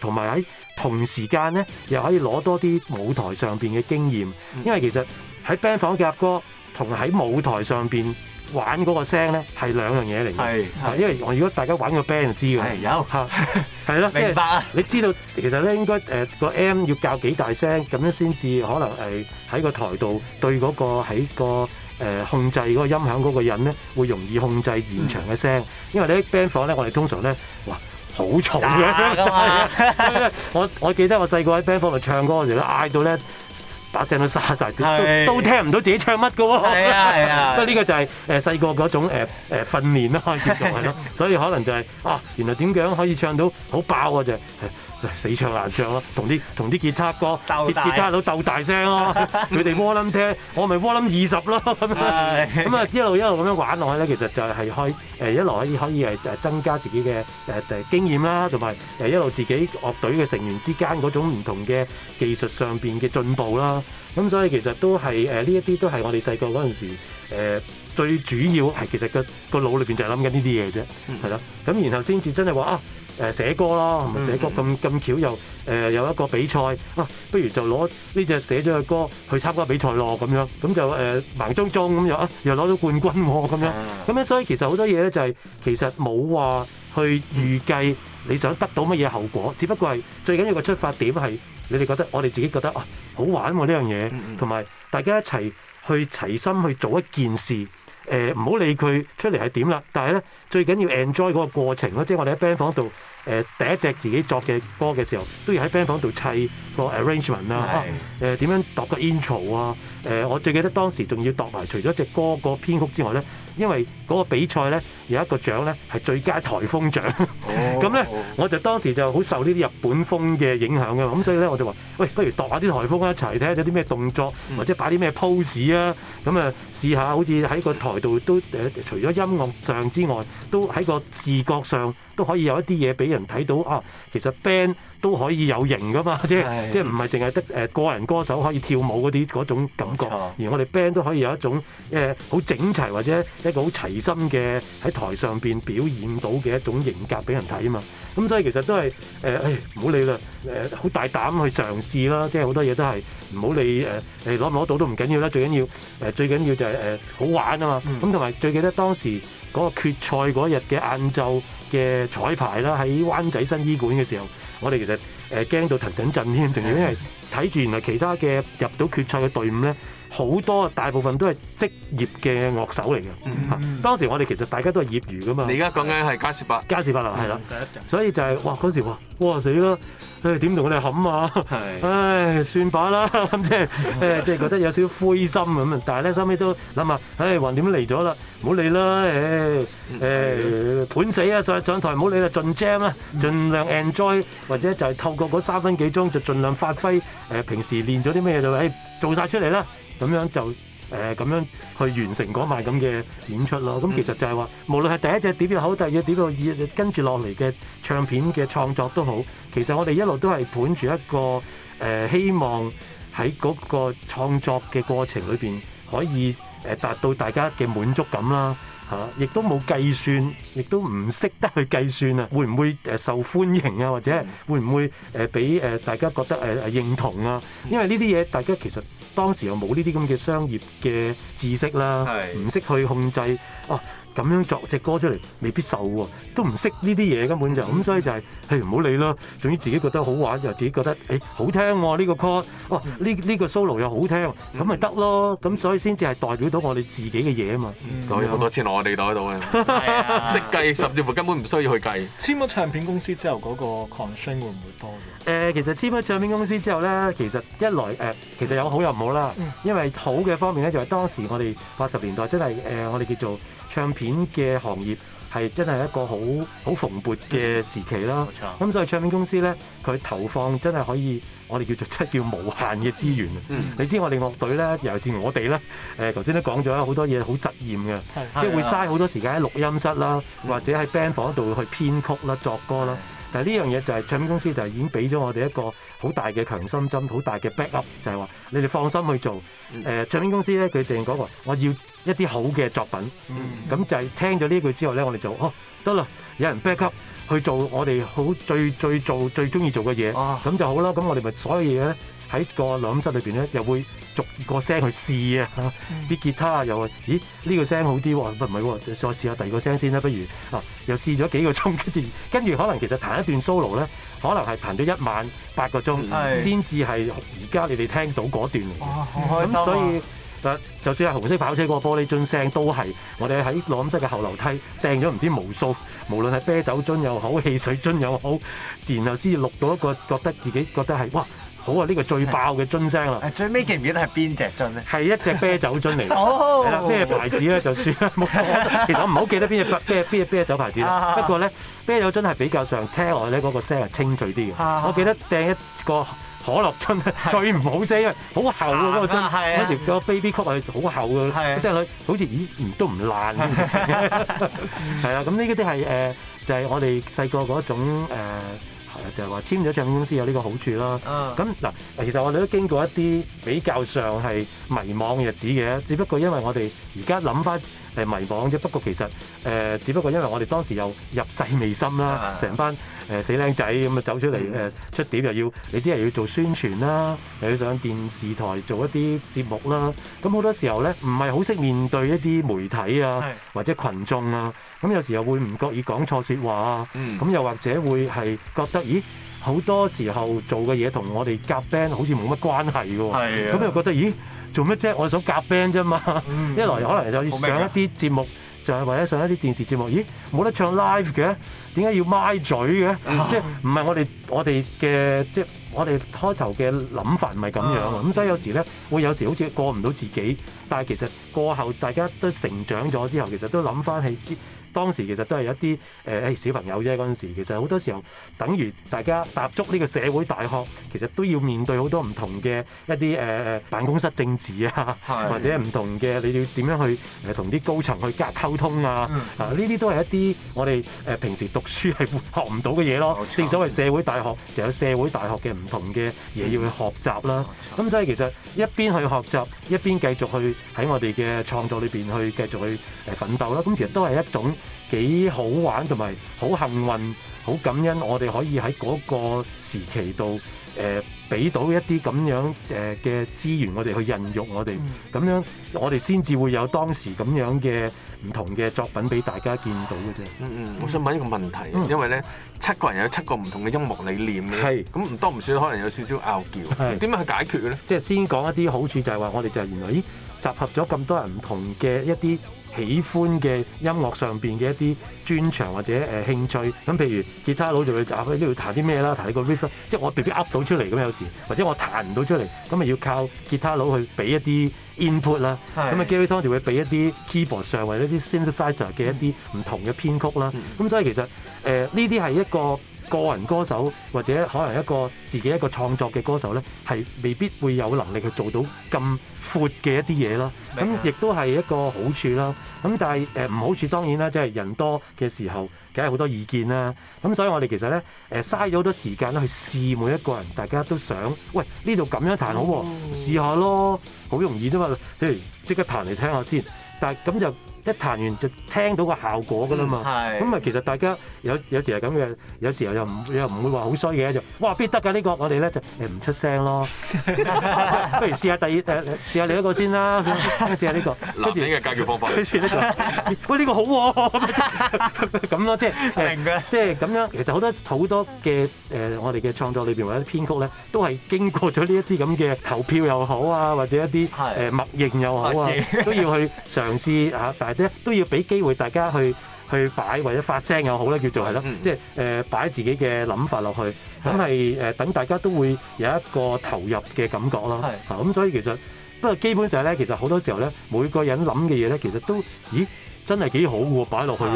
同埋喺同時間咧又可以攞多啲舞台上邊嘅經驗，因為其實喺 band 房夾歌同喺舞台上邊玩嗰個聲咧係兩樣嘢嚟嘅，因為如果大家玩個 band 就知㗎。係有，係咯，明白啊！你知道其實咧應該誒個 M 要較幾大聲咁樣先至可能誒喺個台度對嗰個喺個誒控制嗰個音響嗰個人咧會容易控制現場嘅聲，因為咧 band 房咧我哋通常咧哇好嘈嘅，所以我我記得我細個喺 band 房度唱歌嘅時候咧嗌到咧。把聲都沙晒，都都聽唔到自己唱乜㗎喎。係啊係啊，不過呢個就係誒細個嗰種誒誒、呃呃、訓練咯，可以叫做係咯。所以可能就係、是、啊，原來點樣可以唱到好爆啊，就係、是。呃死唱爛唱咯，同啲同啲吉他哥、鬥大吉他佬鬥大聲咯，佢哋窩冧聽我咪窩冧二十咯咁啊！咁啊 一路一路咁樣玩落去咧，其實就係係開一路可以可以係誒增加自己嘅誒誒經驗啦，同埋誒一路自己樂隊嘅成員之間嗰種唔同嘅技術上邊嘅進步啦。咁所以其實都係誒呢一啲都係我哋細個嗰陣時、呃、最主要係其實個個腦裏邊就係諗緊呢啲嘢啫，係啦、嗯。咁然後先至真係話啊！誒、呃、寫歌咯，唔係寫歌咁咁、mm hmm. 巧又誒、呃、有一個比賽，哇、啊！不如就攞呢隻寫咗嘅歌去參加比賽咯咁樣，咁就誒盲舂舂咁又啊又攞到冠軍喎、哦、咁樣，咁樣、啊 mm hmm. 所以其實好多嘢咧就係、是、其實冇話去預計你想得到乜嘢後果，只不過係最緊要個出發點係你哋覺得我哋自己覺得啊好玩喎、啊、呢樣嘢，同埋、mm hmm. 大家一齊去齊心去做一件事。誒唔好理佢出嚟係點啦，但係咧最緊要 enjoy 嗰個過程咯，即係我哋喺 band 房度誒、呃、第一隻自己作嘅歌嘅時候，都要喺 band 房度砌個 arrangement 啦的，誒點樣度個 intro 啊～、呃誒、呃，我最記得當時仲要度埋，除咗隻歌個編曲之外咧，因為嗰個比賽咧有一個獎咧係最佳台風獎，咁 咧我就當時就好受呢啲日本風嘅影響嘅，咁所以咧我就話：喂，不如度下啲台風一齊，睇下有啲咩動作或者擺啲咩 pose 啊，咁啊試下好似喺個台度都誒、呃，除咗音樂上之外，都喺個視覺上。都可以有一啲嘢俾人睇到啊！其實 band 都可以有型噶嘛，即係的即係唔係淨係得誒個人歌手可以跳舞嗰啲嗰種感覺，錯而我哋 band 都可以有一種誒好、呃、整齊或者一個好齊心嘅喺台上邊表現到嘅一種型格俾人睇啊嘛！咁所以其實都係誒誒，唔好理啦，誒、呃、好、呃、大膽去嘗試啦，即係好多嘢都係唔好理誒，誒攞唔攞到都唔緊要啦，最緊要誒、呃、最緊要就係、是、誒、呃、好玩啊嘛！咁同埋最記得當時嗰個決賽嗰日嘅晏晝。嘅彩排啦，喺灣仔新醫館嘅時候，我哋其實誒驚到騰騰震添，仲要因為睇住原來其他嘅入到決賽嘅隊伍咧，好多大部分都係職業嘅樂手嚟嘅。嗯、啊，當時我哋其實大家都係業餘噶嘛。你而家講緊係嘉士伯？嘉士伯啊，係啦。所以就係、是、哇，嗰時話，哇死啦！誒點同佢哋冚啊！唉、 哎，算罷啦，咁 即係誒、哎，即係覺得有少少灰心咁啊！但係咧，收尾都諗下，唉、哎，橫掂嚟咗啦？唔好理啦，誒、哎、誒，盤、哎、死啊！上上台唔好理啦，盡 jam 啊，盡量 enjoy，或者就係透過嗰三分幾鐘就盡儘量發揮。誒、呃，平時練咗啲咩就誒、哎、做晒出嚟啦，咁樣就。誒咁、呃、樣去完成嗰晚咁嘅演出咯。咁、嗯、其實就係話，無論係第一隻碟又好，第二隻碟又好，跟住落嚟嘅唱片嘅創作都好。其實我哋一路都係本住一個誒、呃、希望喺嗰個創作嘅過程裏邊，可以誒達、呃、到大家嘅滿足感啦。嚇、啊，亦都冇計算，亦都唔識得去計算啊。會唔會誒受歡迎啊？或者會唔會誒俾誒大家覺得誒、呃、認同啊？因為呢啲嘢，大家其實～當時又冇呢啲咁嘅商業嘅知識啦，係唔識去控制哦。啊咁樣作隻歌出嚟未必受喎、啊，都唔識呢啲嘢根本就咁，所以就係誒唔好理啦。總之自己覺得好玩又自己覺得誒、欸、好聽喎、啊，呢、這個 call 哇呢呢、這個、這個、solo 又好聽，咁咪得咯。咁所以先至係代表到我哋自己嘅嘢啊嘛。嗯，咁好樣多錢攞喺地袋度嘅，識 計甚至乎根本唔需要去計 簽咗唱片公司之後嗰、那個 commission 會唔會多嘅？誒、呃，其實簽咗唱片公司之後咧，其實一來誒、呃，其實有好有唔好啦。因為好嘅方面咧，就係、是、當時我哋八十年代真係誒、呃，我哋叫做，唱片嘅行業係真係一個好好蓬勃嘅時期啦。咁、嗯、所以唱片公司咧，佢投放真係可以，我哋叫做即叫無限嘅資源、嗯、你知我哋樂隊咧，尤其是我哋咧，誒頭先都講咗好多嘢好實驗嘅，嗯、即係會嘥好多時間喺錄音室啦，嗯、或者喺 band 房度去編曲啦、作歌啦。嗯嗯嗱呢樣嘢就係唱片公司就係已經俾咗我哋一個好大嘅強心針，好大嘅 back up，就係話你哋放心去做。誒、呃、唱片公司咧，佢淨講話我要一啲好嘅作品。咁、mm hmm. 就係聽咗呢句之後咧，我哋就哦得啦，有人 back up 去做我哋好最最做最中意做嘅嘢，咁、ah. 就好啦。咁我哋咪所有嘢咧喺個錄音室裏邊咧又會。逐個聲去試啊！啲吉他啊又話咦呢個聲好啲喎？唔係喎，再試下第二個聲先啦。不如嗱、啊，又試咗幾個鐘，跟住跟住可能其實彈一段 solo 咧，可能係彈咗一晚八個鐘，先至係而家你哋聽到嗰段嚟。哇！好開心啊！咁所以，啊、就算係紅色跑車個玻璃樽聲都係，我哋喺朗室嘅後樓梯掟咗唔知無數，無論係啤酒樽又好，汽水樽又好，然後先錄到一個覺得自己覺得係哇！好啊！呢個最爆嘅樽聲啦，最尾記唔記得係邊隻樽咧？係一隻啤酒樽嚟嘅。哦，係啦，咩牌子咧？就算啦，冇其實我唔好記得邊隻啤邊啤酒牌子啦。不過咧，啤酒樽係比較上聽落去咧嗰個聲係清脆啲嘅。我記得掟一個可樂樽咧，最唔好聲，因為好厚嗰個樽，嗰時嗰個 baby 曲係好厚嘅，即係佢好似咦唔都唔爛咁。係啊，咁呢啲都係就係我哋細個嗰種。就係話簽咗唱片公司有呢個好處啦。咁嗱，uh，其實我哋都經過一啲比較上係迷惘嘅日子嘅，只不過因為我哋而家諗翻。係迷茫啫，不過其實誒、呃，只不過因為我哋當時又入世未深啦，成的班誒、呃、死靚仔咁啊，走出嚟誒的出碟又要，你只係要做宣傳啦，又要上電視台做一啲節目啦，咁好多時候咧唔係好識面對一啲媒體啊、的或者群眾啊，咁有時候會唔覺意講錯説話啊，咁的又或者會係覺得咦，好多時候做嘅嘢同我哋夾 band 好似冇乜關係㗎喎，咁的又覺得咦？做乜啫？我係想夾 band 啫嘛，嗯、一來可能就要上一啲節目，就係為咗上一啲電視節目。咦，冇得唱 live 嘅，點解要咪嘴嘅、啊？即係唔係我哋我哋嘅即係我哋開頭嘅諗法唔係咁樣。咁、嗯、所以有時咧會有時好似過唔到自己，但係其實過後大家都成長咗之後，其實都諗翻起之。當時其實都係一啲誒、欸、小朋友啫，嗰陣時其實好多時候等於大家踏足呢個社會大學，其實都要面對好多唔同嘅一啲誒、呃、辦公室政治啊，是或者唔同嘅你要點樣去誒同啲高層去加溝通啊，嗯、啊呢啲都係一啲我哋誒、呃、平時讀書係學唔到嘅嘢咯。錯正所謂社會大學就有社會大學嘅唔同嘅嘢要去學習啦。咁、嗯、所以其實一邊去學習，一邊繼續去喺我哋嘅創作裏邊去繼續去誒奮鬥啦。咁其實都係一種。幾好玩同埋好幸運，好感恩，我哋可以喺嗰個時期度，誒、呃、俾到一啲咁樣誒嘅、呃、資源，我哋去孕育我哋，咁、嗯、樣我哋先至會有當時咁樣嘅唔同嘅作品俾大家見到嘅啫。嗯嗯，我想問一個問題，嗯、因為咧七個人有七個唔同嘅音樂理念咧，係咁唔多唔少，可能有少少拗撬，點是樣去解決嘅咧？即係先講一啲好處，就係、是、話我哋就係原來，咦，集合咗咁多人唔同嘅一啲。喜歡嘅音樂上邊嘅一啲專長或者誒、呃、興趣，咁譬如吉他佬就會啊，佢都要彈啲咩啦？彈呢個 riff，即係我未必 up 到出嚟，咁有時，或者我彈唔到出嚟，咁啊要靠吉他佬去俾一啲 input 啦是。咁啊 Gary Tong 會俾一啲 keyboard 上或者啲 synthesizer 嘅一啲唔同嘅編曲啦。咁、嗯、所以其實誒呢啲係一個。個人歌手或者可能一個自己一個創作嘅歌手咧，係未必會有能力去做到咁闊嘅一啲嘢啦。咁亦都係一個好處啦。咁但係誒唔好處當然啦，即係人多嘅時候，梗係好多意見啦。咁所以我哋其實咧誒嘥咗好多時間啦，去試每一個人。大家都想，喂，呢度咁樣彈好，嗯、試下咯，好容易啫嘛。譬如即刻彈嚟聽下先，但係咁就。一彈完就聽到個效果噶啦嘛，咁啊其實大家有有時係咁嘅，有時候又唔又唔會話好衰嘅就，哇必得㗎呢個，我哋咧就誒唔出聲咯，不如試下第二誒試下另一個先啦，試下呢個，諗住呢個解決方法，跟住呢個喂呢個好喎，咁咯即係，明㗎，即係咁樣，其實好多好多嘅誒我哋嘅創作裏邊或者編曲咧，都係經過咗呢一啲咁嘅投票又好啊，或者一啲誒默認又好啊，都要去嘗試嚇，都要俾機會大家去去擺或者發聲又好咧，叫做係咯，嗯、即係誒擺自己嘅諗法落去，咁係誒等大家都會有一個投入嘅感覺啦。係咁是、嗯、所以其實不過基本上咧，其實好多時候咧，每個人諗嘅嘢咧，其實都咦真係幾好喎，擺落去又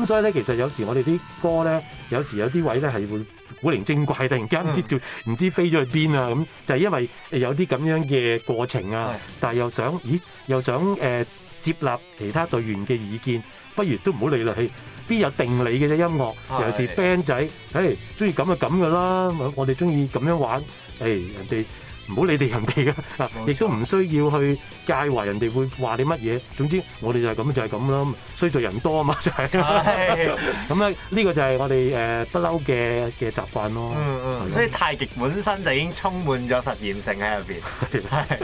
咁，是所以咧其實有時我哋啲歌咧，有時有啲位咧係會古靈精怪，突然間唔知唔是知，知飛咗去邊啊咁，就係、是、因為有啲咁樣嘅過程啊，但係又想咦又想誒。接納其他隊員嘅意見，不如都唔好理佢。邊有定理嘅音樂，尤其是 band 仔，誒、哎，鍾意咁就咁嘅啦。我哋鍾意咁樣玩，唉、哎，人哋。唔好理哋人哋噶，亦都唔需要去介懷人哋會話你乜嘢。總之我哋就係咁就係咁啦。衰在人多啊嘛，就係。咁啊，呢個就係我哋誒不嬲嘅嘅習慣咯。嗯嗯。所以太極本身就已經充滿咗實驗性喺入邊。係。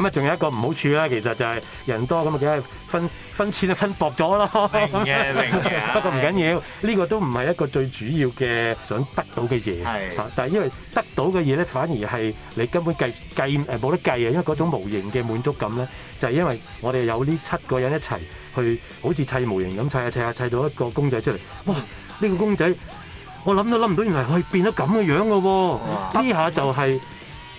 咁啊，仲有一個唔好處咧，其實就係人多咁啊，梗係。分分錢咧，分薄咗咯。明嘅，明嘅。 不過唔緊要，呢的個都唔係一個最主要嘅想得到嘅嘢。係的。嚇！但係因為得到嘅嘢咧，反而係你根本計計誒冇得計啊！因為嗰種模型嘅滿足感咧，就係、是、因為我哋有呢七個人一齊去，好似砌模型咁砌下砌下砌，砌，砌到一個公仔出嚟。哇！呢、這個公仔，我諗都諗唔到原來可以變得咁嘅樣嘅喎、哦。呢哇下就係、是、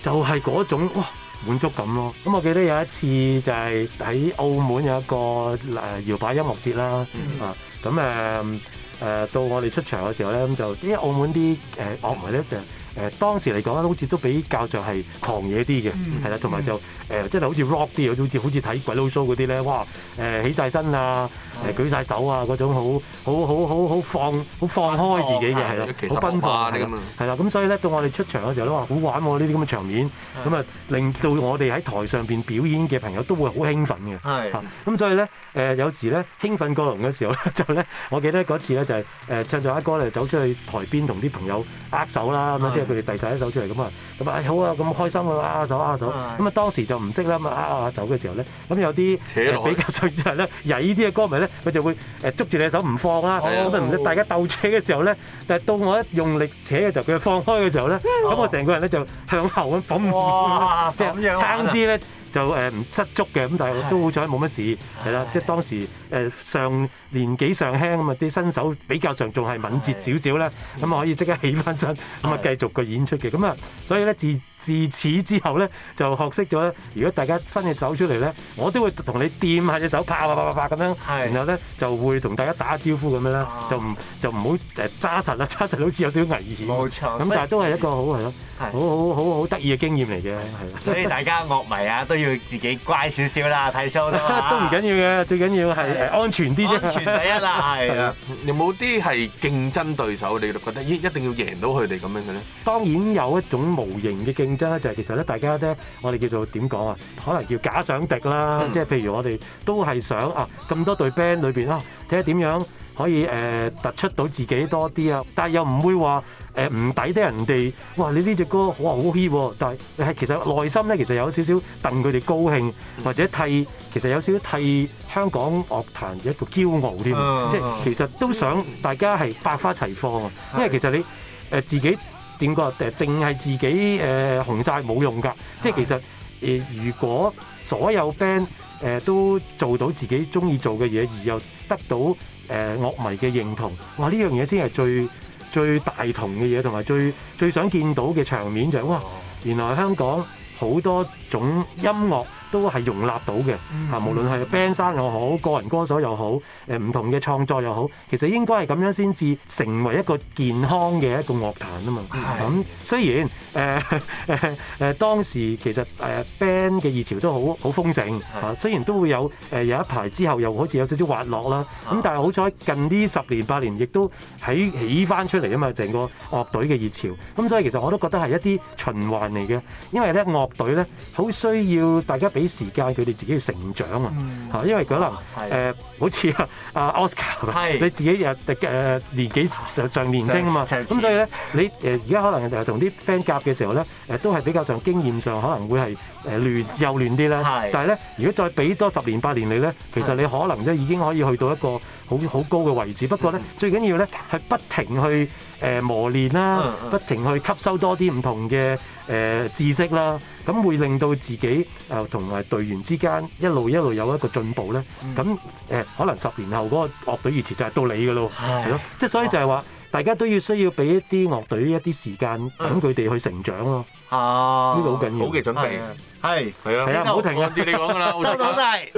就係、是、嗰種哇！滿足感咯，咁我記得有一次就係喺澳門有一個誒搖擺音樂節啦，mm hmm. 啊，咁誒誒，到我哋出場嘅時候咧，咁就啲澳門啲誒樂迷咧就是。誒、呃、當時嚟講咧，好似都比較上係狂野啲嘅，係啦、嗯，同埋就誒，即、呃、係好似 rock 啲，好似好似睇鬼佬 show 嗰啲咧，哇！誒、呃、起晒身啊，誒、嗯呃、舉晒手啊，嗰種好好好好好放好放開自己嘅係啦，好奔放嘅，係啦、嗯，咁、嗯嗯嗯嗯、所以咧到我哋出場嘅時候都話好玩喎、啊，呢啲咁嘅場面，咁啊、嗯嗯嗯、令到我哋喺台上邊表演嘅朋友都會好興奮嘅，咁、嗯嗯、所以咧誒、呃、有時咧興奮過龍嘅時候咧， 就咧我記得嗰次咧就係誒唱咗一歌咧，走出去台邊同啲朋友握手啦咁樣即佢哋遞晒一手出嚟咁，哎、啊，咁啊好啊，咁開心啊，握手握手，咁啊、嗯、當時就唔識啦，咁啊握、啊啊啊啊、手嘅時候咧，咁、啊、有啲、呃、比較純真咧，曳啲嘅歌迷咧，佢就會誒捉住你手唔放啦，咁、oh. 啊大家鬥扯嘅時候咧，但係到我一用力扯嘅時候，佢就放開嘅時候咧，咁我成個人咧就向後咁嘣，即係撐啲咧。呃就誒唔失足嘅，咁但係我都好彩冇乜事，係啦。即係當時誒上年紀尚輕咁啊，啲身手比較上仲係敏捷少少咧，咁啊可以即刻起翻身，咁啊繼續個演出嘅。咁啊，所以咧自自此之後咧，就學識咗。如果大家伸隻手出嚟咧，我都會同你掂下隻手，啪啪啪啪啪咁樣，然後咧就會同大家打招呼咁樣啦，就唔就唔好誒揸實啊，揸實好似有少危險。冇錯，咁但係都係一個好係咯，好好好好得意嘅經驗嚟嘅，係。所以大家樂迷啊都要自己乖少少啦，睇 show 都唔緊要嘅，最緊要係安全啲啫，安全第一啦，係啦。有冇啲係競爭對手，你覺得一一定要贏到佢哋咁樣嘅咧？當然有一種無形嘅競爭咧，就係其實咧，大家咧，我哋叫做點講啊？可能叫假想敵啦，即係譬如我哋都係想啊，咁多隊 band 裏邊啊，睇下點樣。可以誒、呃、突出到自己多啲啊！但係又唔會話誒唔抵得人哋哇！你呢隻歌好啊，好 heat 喎、哦！但係其實內心咧，其實有少少戥佢哋高興， 或者替其實有少少替香港樂壇嘅一個驕傲添。Uh uh. 即係其實都想大家係百花齊放啊！因為其實你誒、呃、自己點講誒，淨係、呃、自己誒、呃、紅晒冇用㗎。即係其實誒、呃，如果所有 band 誒、呃、都做到自己中意做嘅嘢，而又得到誒、呃、樂迷嘅認同，哇！呢樣嘢先係最最大同嘅嘢，同埋最最想見到嘅場面就係哇！原來香港好多種音樂。都係容納到嘅，嚇、啊，無論係 band 生又好，個人歌手又好，誒、呃，唔同嘅創作又好，其實應該係咁樣先至成為一個健康嘅一個樂壇啊嘛。咁雖然誒誒誒當時其實誒 band 嘅熱潮都好好豐盛啊，雖然都會有誒、呃、有一排之後又好似有少少滑落啦，咁、啊、但係好彩近呢十年八年亦都喺起翻出嚟啊嘛，成個樂隊嘅熱潮。咁、嗯、所以其實我都覺得係一啲循環嚟嘅，因為咧樂隊咧好需要大家俾。啲時間佢哋自己要成長啊，嚇、嗯，因為可能誒是、呃、好似阿阿 Oscar 啊，Oscar, 是你自己日誒、呃、年紀上年青啊嘛，咁所以咧你誒而家可能同啲 friend 夾嘅時候咧誒都係比較上經驗上可能會係誒幼嫩啲啦。是但係咧如果再俾多十年八年你咧，其實你可能即已經可以去到一個好好高嘅位置，不過咧是最緊要咧係不停去。誒磨練啦，不停去吸收多啲唔同嘅誒知識啦，咁會令到自己誒同埋隊員之間一路一路有一個進步咧。咁誒可能十年後嗰個樂隊以前就係到你㗎咯，係咯，即係所以就係話大家都要需要俾一啲樂隊一啲時間等佢哋去成長咯。啊，呢個好緊要，好嘅準備，係係啊，好聽啊，跟住你講啦，收到晒，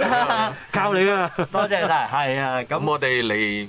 教你㗎，多謝晒，係啊，咁我哋嚟。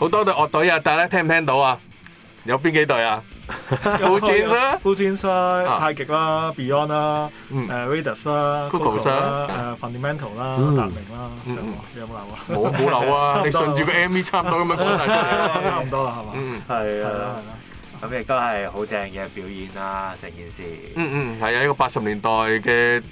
好多隊樂隊啊，但係咧聽唔聽到啊？有邊幾隊啊？Full Jazz 啦，Full Jazz 啦，太極啦，Beyond 啦，誒 Raidas 啦，Google 啦，誒，Fundamental 啦，達明啦，有冇留啊？我冇留啊，你順住個 MV 差唔多咁樣講晒出嚟啦，差唔多係嘛？嗯，係啊，咁亦都係好正嘅表演啦，成件事。嗯嗯，係啊，呢個八十年代嘅。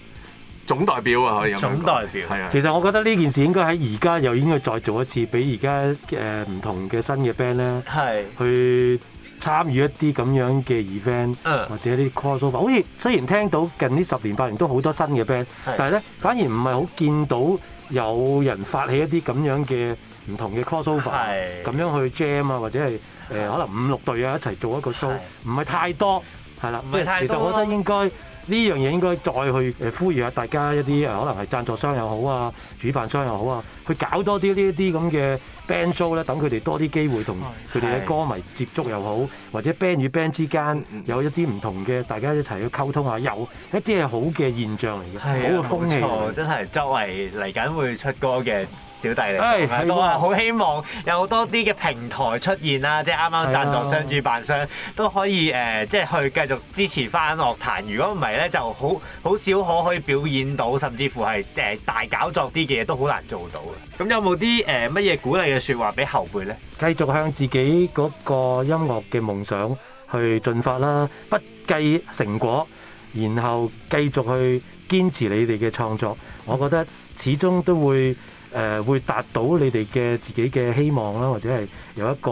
總代表啊，可以總代表，係啊。其實我覺得呢件事應該喺而家又應該再做一次，俾而家誒唔同嘅新嘅 band 咧，係去參與一啲咁樣嘅 event，或者一啲 crossover 好似雖然聽到近呢十年八年都好多新嘅 band，但係咧反而唔係好見到有人發起一啲咁樣嘅唔同嘅 crossover 咁樣去 jam 啊，或者係誒可能五六隊啊一齊做一個 show，唔係太多，係啦，唔係太多。其實我覺得應該。呢樣嘢應該再去誒，呼籲下大家一啲可能係贊助商又好啊，主辦商又好啊，去搞多啲呢一啲咁嘅。band show 咧，等佢哋多啲機會同佢哋嘅歌迷接觸又好，的或者 band 與 band 之間有一啲唔同嘅，大家一齊去溝通下，有一啲係好嘅現象嚟嘅，的好嘅風氣。錯的真係作為嚟緊會出歌嘅小弟嚟，我都話好希望有多啲嘅平台出現啦。即係啱啱贊助商、主辦商的都可以誒、呃，即係去繼續支持翻樂壇。如果唔係咧，就好好少可可以表演到，甚至乎係誒大搞作啲嘅嘢都好難做到。咁有冇啲誒乜嘢鼓勵嘅説話俾後輩呢？繼續向自己嗰個音樂嘅夢想去進發啦，不計成果，然後繼續去堅持你哋嘅創作。我覺得始終都會誒、呃、會達到你哋嘅自己嘅希望啦，或者係有一個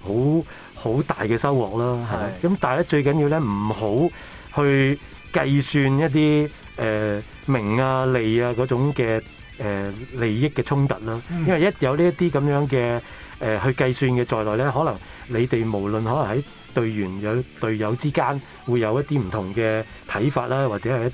好好大嘅收穫啦。係。咁咧，但係最緊要咧，唔好去計算一啲誒、呃、名啊利啊嗰種嘅。誒利益嘅衝突啦，因為一有呢一啲咁樣嘅誒、呃、去計算嘅在內咧，可能你哋無論可能喺隊員有隊友之間會有一啲唔同嘅睇法啦，或者係一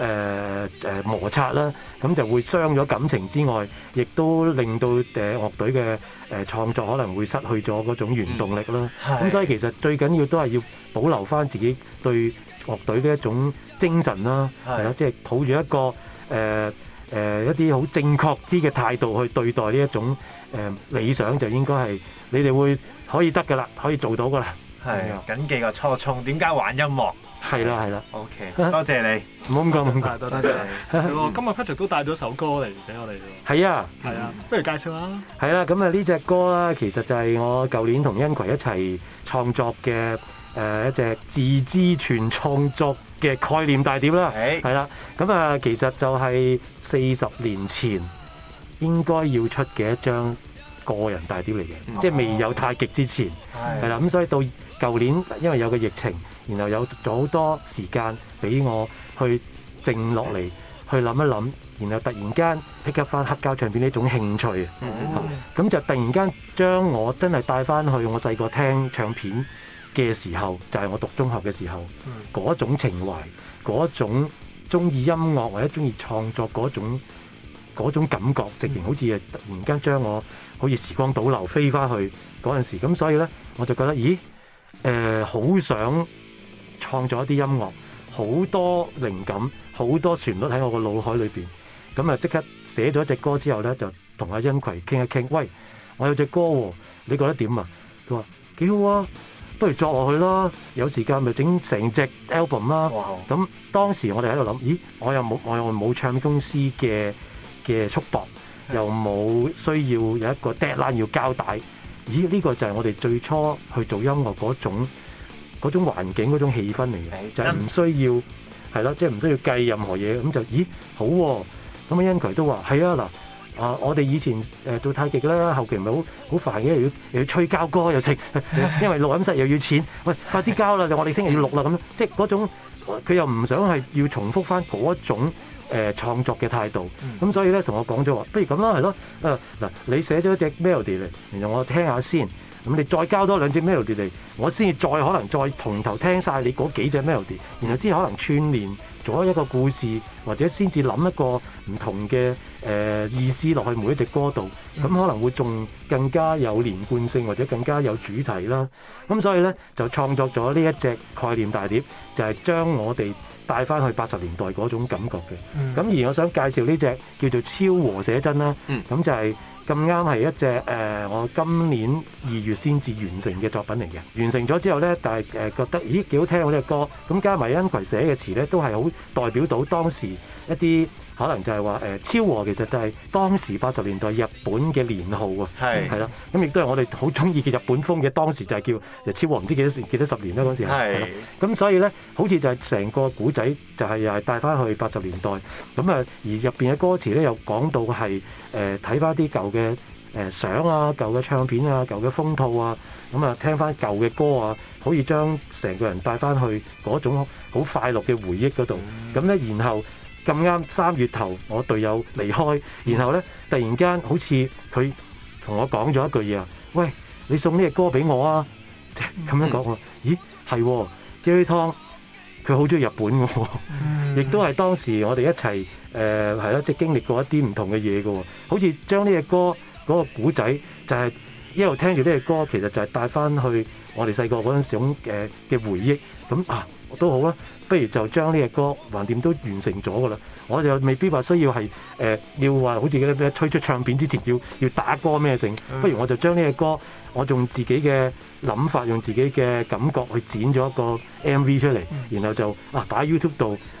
啲誒誒摩擦啦，咁就會傷咗感情之外，亦都令到誒樂隊嘅誒創作可能會失去咗嗰種原動力啦。咁、嗯、所以其實最緊要都係要保留翻自己對樂隊嘅一種精神啦，係啦、嗯，即係抱住一個誒。呃誒一啲好正確啲嘅態度去對待呢一種誒理想，就應該係你哋會可以得㗎啦，可以做到㗎啦。係緊記個初衷，點解玩音樂？係啦，係啦。OK，多謝你，唔好咁講。唔該，多謝你。今日 Patrick 都帶咗首歌嚟俾我哋。係啊，係啊，不如介紹下。係啦，咁啊呢隻歌啦，其實就係我舊年同恩葵一齊創作嘅。誒一隻自資全創作嘅概念大碟啦，係啦的，咁啊，其實就係四十年前應該要出嘅一張個人大碟嚟嘅，嗯、即係未有太極之前係啦。咁、嗯嗯、所以到舊年，因為有個疫情，然後有咗好多時間俾我去靜落嚟，去諗一諗，然後突然間 pick up 翻黑膠唱片呢種興趣，咁、嗯、就突然間將我真係帶翻去我細個聽唱片。嘅時候就係、是、我讀中學嘅時候，嗰、嗯、種情懷，嗰種中意音樂或者中意創作嗰種，嗰種感覺，直情好似係突然間將我好似時光倒流飛返去嗰陣時。咁所以呢，我就覺得咦誒，好、呃、想創作一啲音樂，好多靈感，好多旋律喺我個腦海裏邊。咁啊，即刻寫咗一隻歌之後呢，就同阿欣葵傾一傾。喂，我有隻歌、哦，你覺得點啊？佢話幾好啊！不如作落去啦，有時間咪整成隻 album 啦。咁哇 當時我哋喺度諗，咦？我又冇我又冇唱片公司嘅嘅束縛，又冇需要有一個 deadline 要交帶。咦？呢個就係我哋最初去做音樂嗰種嗰種環境，嗰種氣氛嚟嘅，就係唔需要係咯，即係唔需要計任何嘢。咁就咦好喎。咁啊，恩奎都話係啊嗱。啊！我哋以前誒、呃、做太極啦，後期唔係好好煩嘅，又要又要吹交歌又食， 因為錄音室又要錢。喂、 哎，快啲交啦！ 我哋聽日要錄啦咁。即係嗰種佢又唔想係要重複翻嗰種誒、呃、創作嘅態度。咁、嗯、所以咧，同我講咗話，不如咁啦，係咯。誒、啊、嗱，你寫咗一隻 melody 嚟，然後我聽下先。咁你再交多兩隻 melody 嚟，我先至再可能再從頭聽晒你嗰幾隻 melody，然後先可能串聯。咗一個故事，或者先至諗一個唔同嘅誒、呃、意思落去每一隻歌度，咁可能會仲更加有連貫性，或者更加有主題啦。咁所以呢，就創作咗呢一隻概念大碟，就係、是、將我哋帶翻去八十年代嗰種感覺嘅。咁、嗯、而我想介紹呢隻叫做《超和寫真》啦，咁就係、是。咁啱係一隻、呃、我今年二月先至完成嘅作品嚟嘅。完成咗之後呢，但係誒、呃、覺得咦幾好聽嗰隻歌，咁加埋因葵寫嘅詞咧，都係好代表到當時一啲。可能就係話誒昭和其實就係當時八十年代日本嘅年號是、嗯、啊，係係啦，咁亦都係我哋好中意嘅日本風嘅當時就係、是、叫、就是、昭和唔知幾多幾多十年啦嗰時係咁、啊嗯嗯、所以咧好似就係成個古仔就係又係帶翻去八十年代咁啊、嗯，而入邊嘅歌詞咧又講到係誒睇翻啲舊嘅誒相啊、舊嘅唱片啊、舊嘅封套啊，咁、嗯、啊聽翻舊嘅歌啊，可以將成個人帶翻去嗰種好快樂嘅回憶嗰度，咁、嗯、咧、嗯、然後。咁啱三月頭我隊友離開，然後咧突然間好似佢同我講咗一句嘢啊！喂，你送呢隻歌俾我啊？咁樣講咦係？Jeremy、哦、湯佢好中意日本嘅喎、哦，亦都係當時我哋一齊誒係啦，即、呃、係、啊就係、經歷過一啲唔同嘅嘢嘅喎，好似將呢隻歌嗰、嗰個故仔就係一路聽住呢隻歌，其實就係帶翻去我哋細個嗰陣時嘅嘅回憶咁、嗯、啊！都好啦，不如就將呢隻歌橫掂都完成咗噶啦，我就未必話需要係誒、呃、要話好似咧推出唱片之前要要打歌咩剩，嗯、不如我就將呢隻歌我用自己嘅諗法，用自己嘅感覺去剪咗一個 M V 出嚟，嗯、然後就嗱擺喺 YouTube 度。啊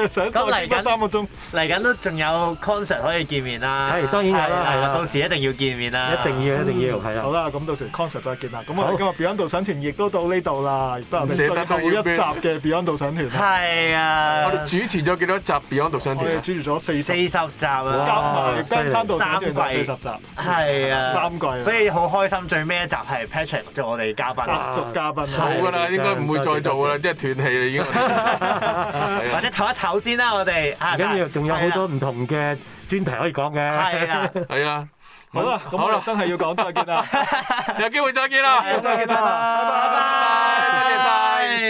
咁嚟緊三個鐘，嚟緊都仲有 concert 可以見面啦。係當然啦，係啦，到時一定要見面啦。一定要，一定要，係啦。好啦，咁到時 concert 再見啦。咁我哋今日 Beyond 導賞團亦都到呢度啦，亦都係呢一集嘅 Beyond 導賞團。係啊。我哋主持咗幾多集 Beyond 導賞團啊？主持咗四四十集啊，加埋跟三度三季四十集，係啊，三季。所以好開心，最尾一集係 Patrick 做我哋嘉賓，合作嘉賓。好㗎啦，應該唔會再做㗎啦，即係斷氣啦已經。或者唞一唞。首先啦，我哋跟住仲有好多唔同嘅專題可以講嘅，係啊，係啊，好啦，咁好啦，真係要講再見啦，有機會再見啦，再見啦，拜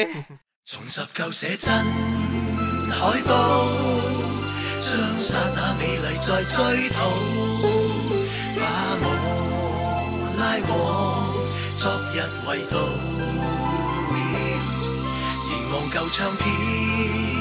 拜，重拾舊寫真海報，將剎那美麗再追討，把我拉我昨日圍堵，凝望舊唱片。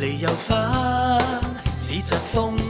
離又返，似疾風。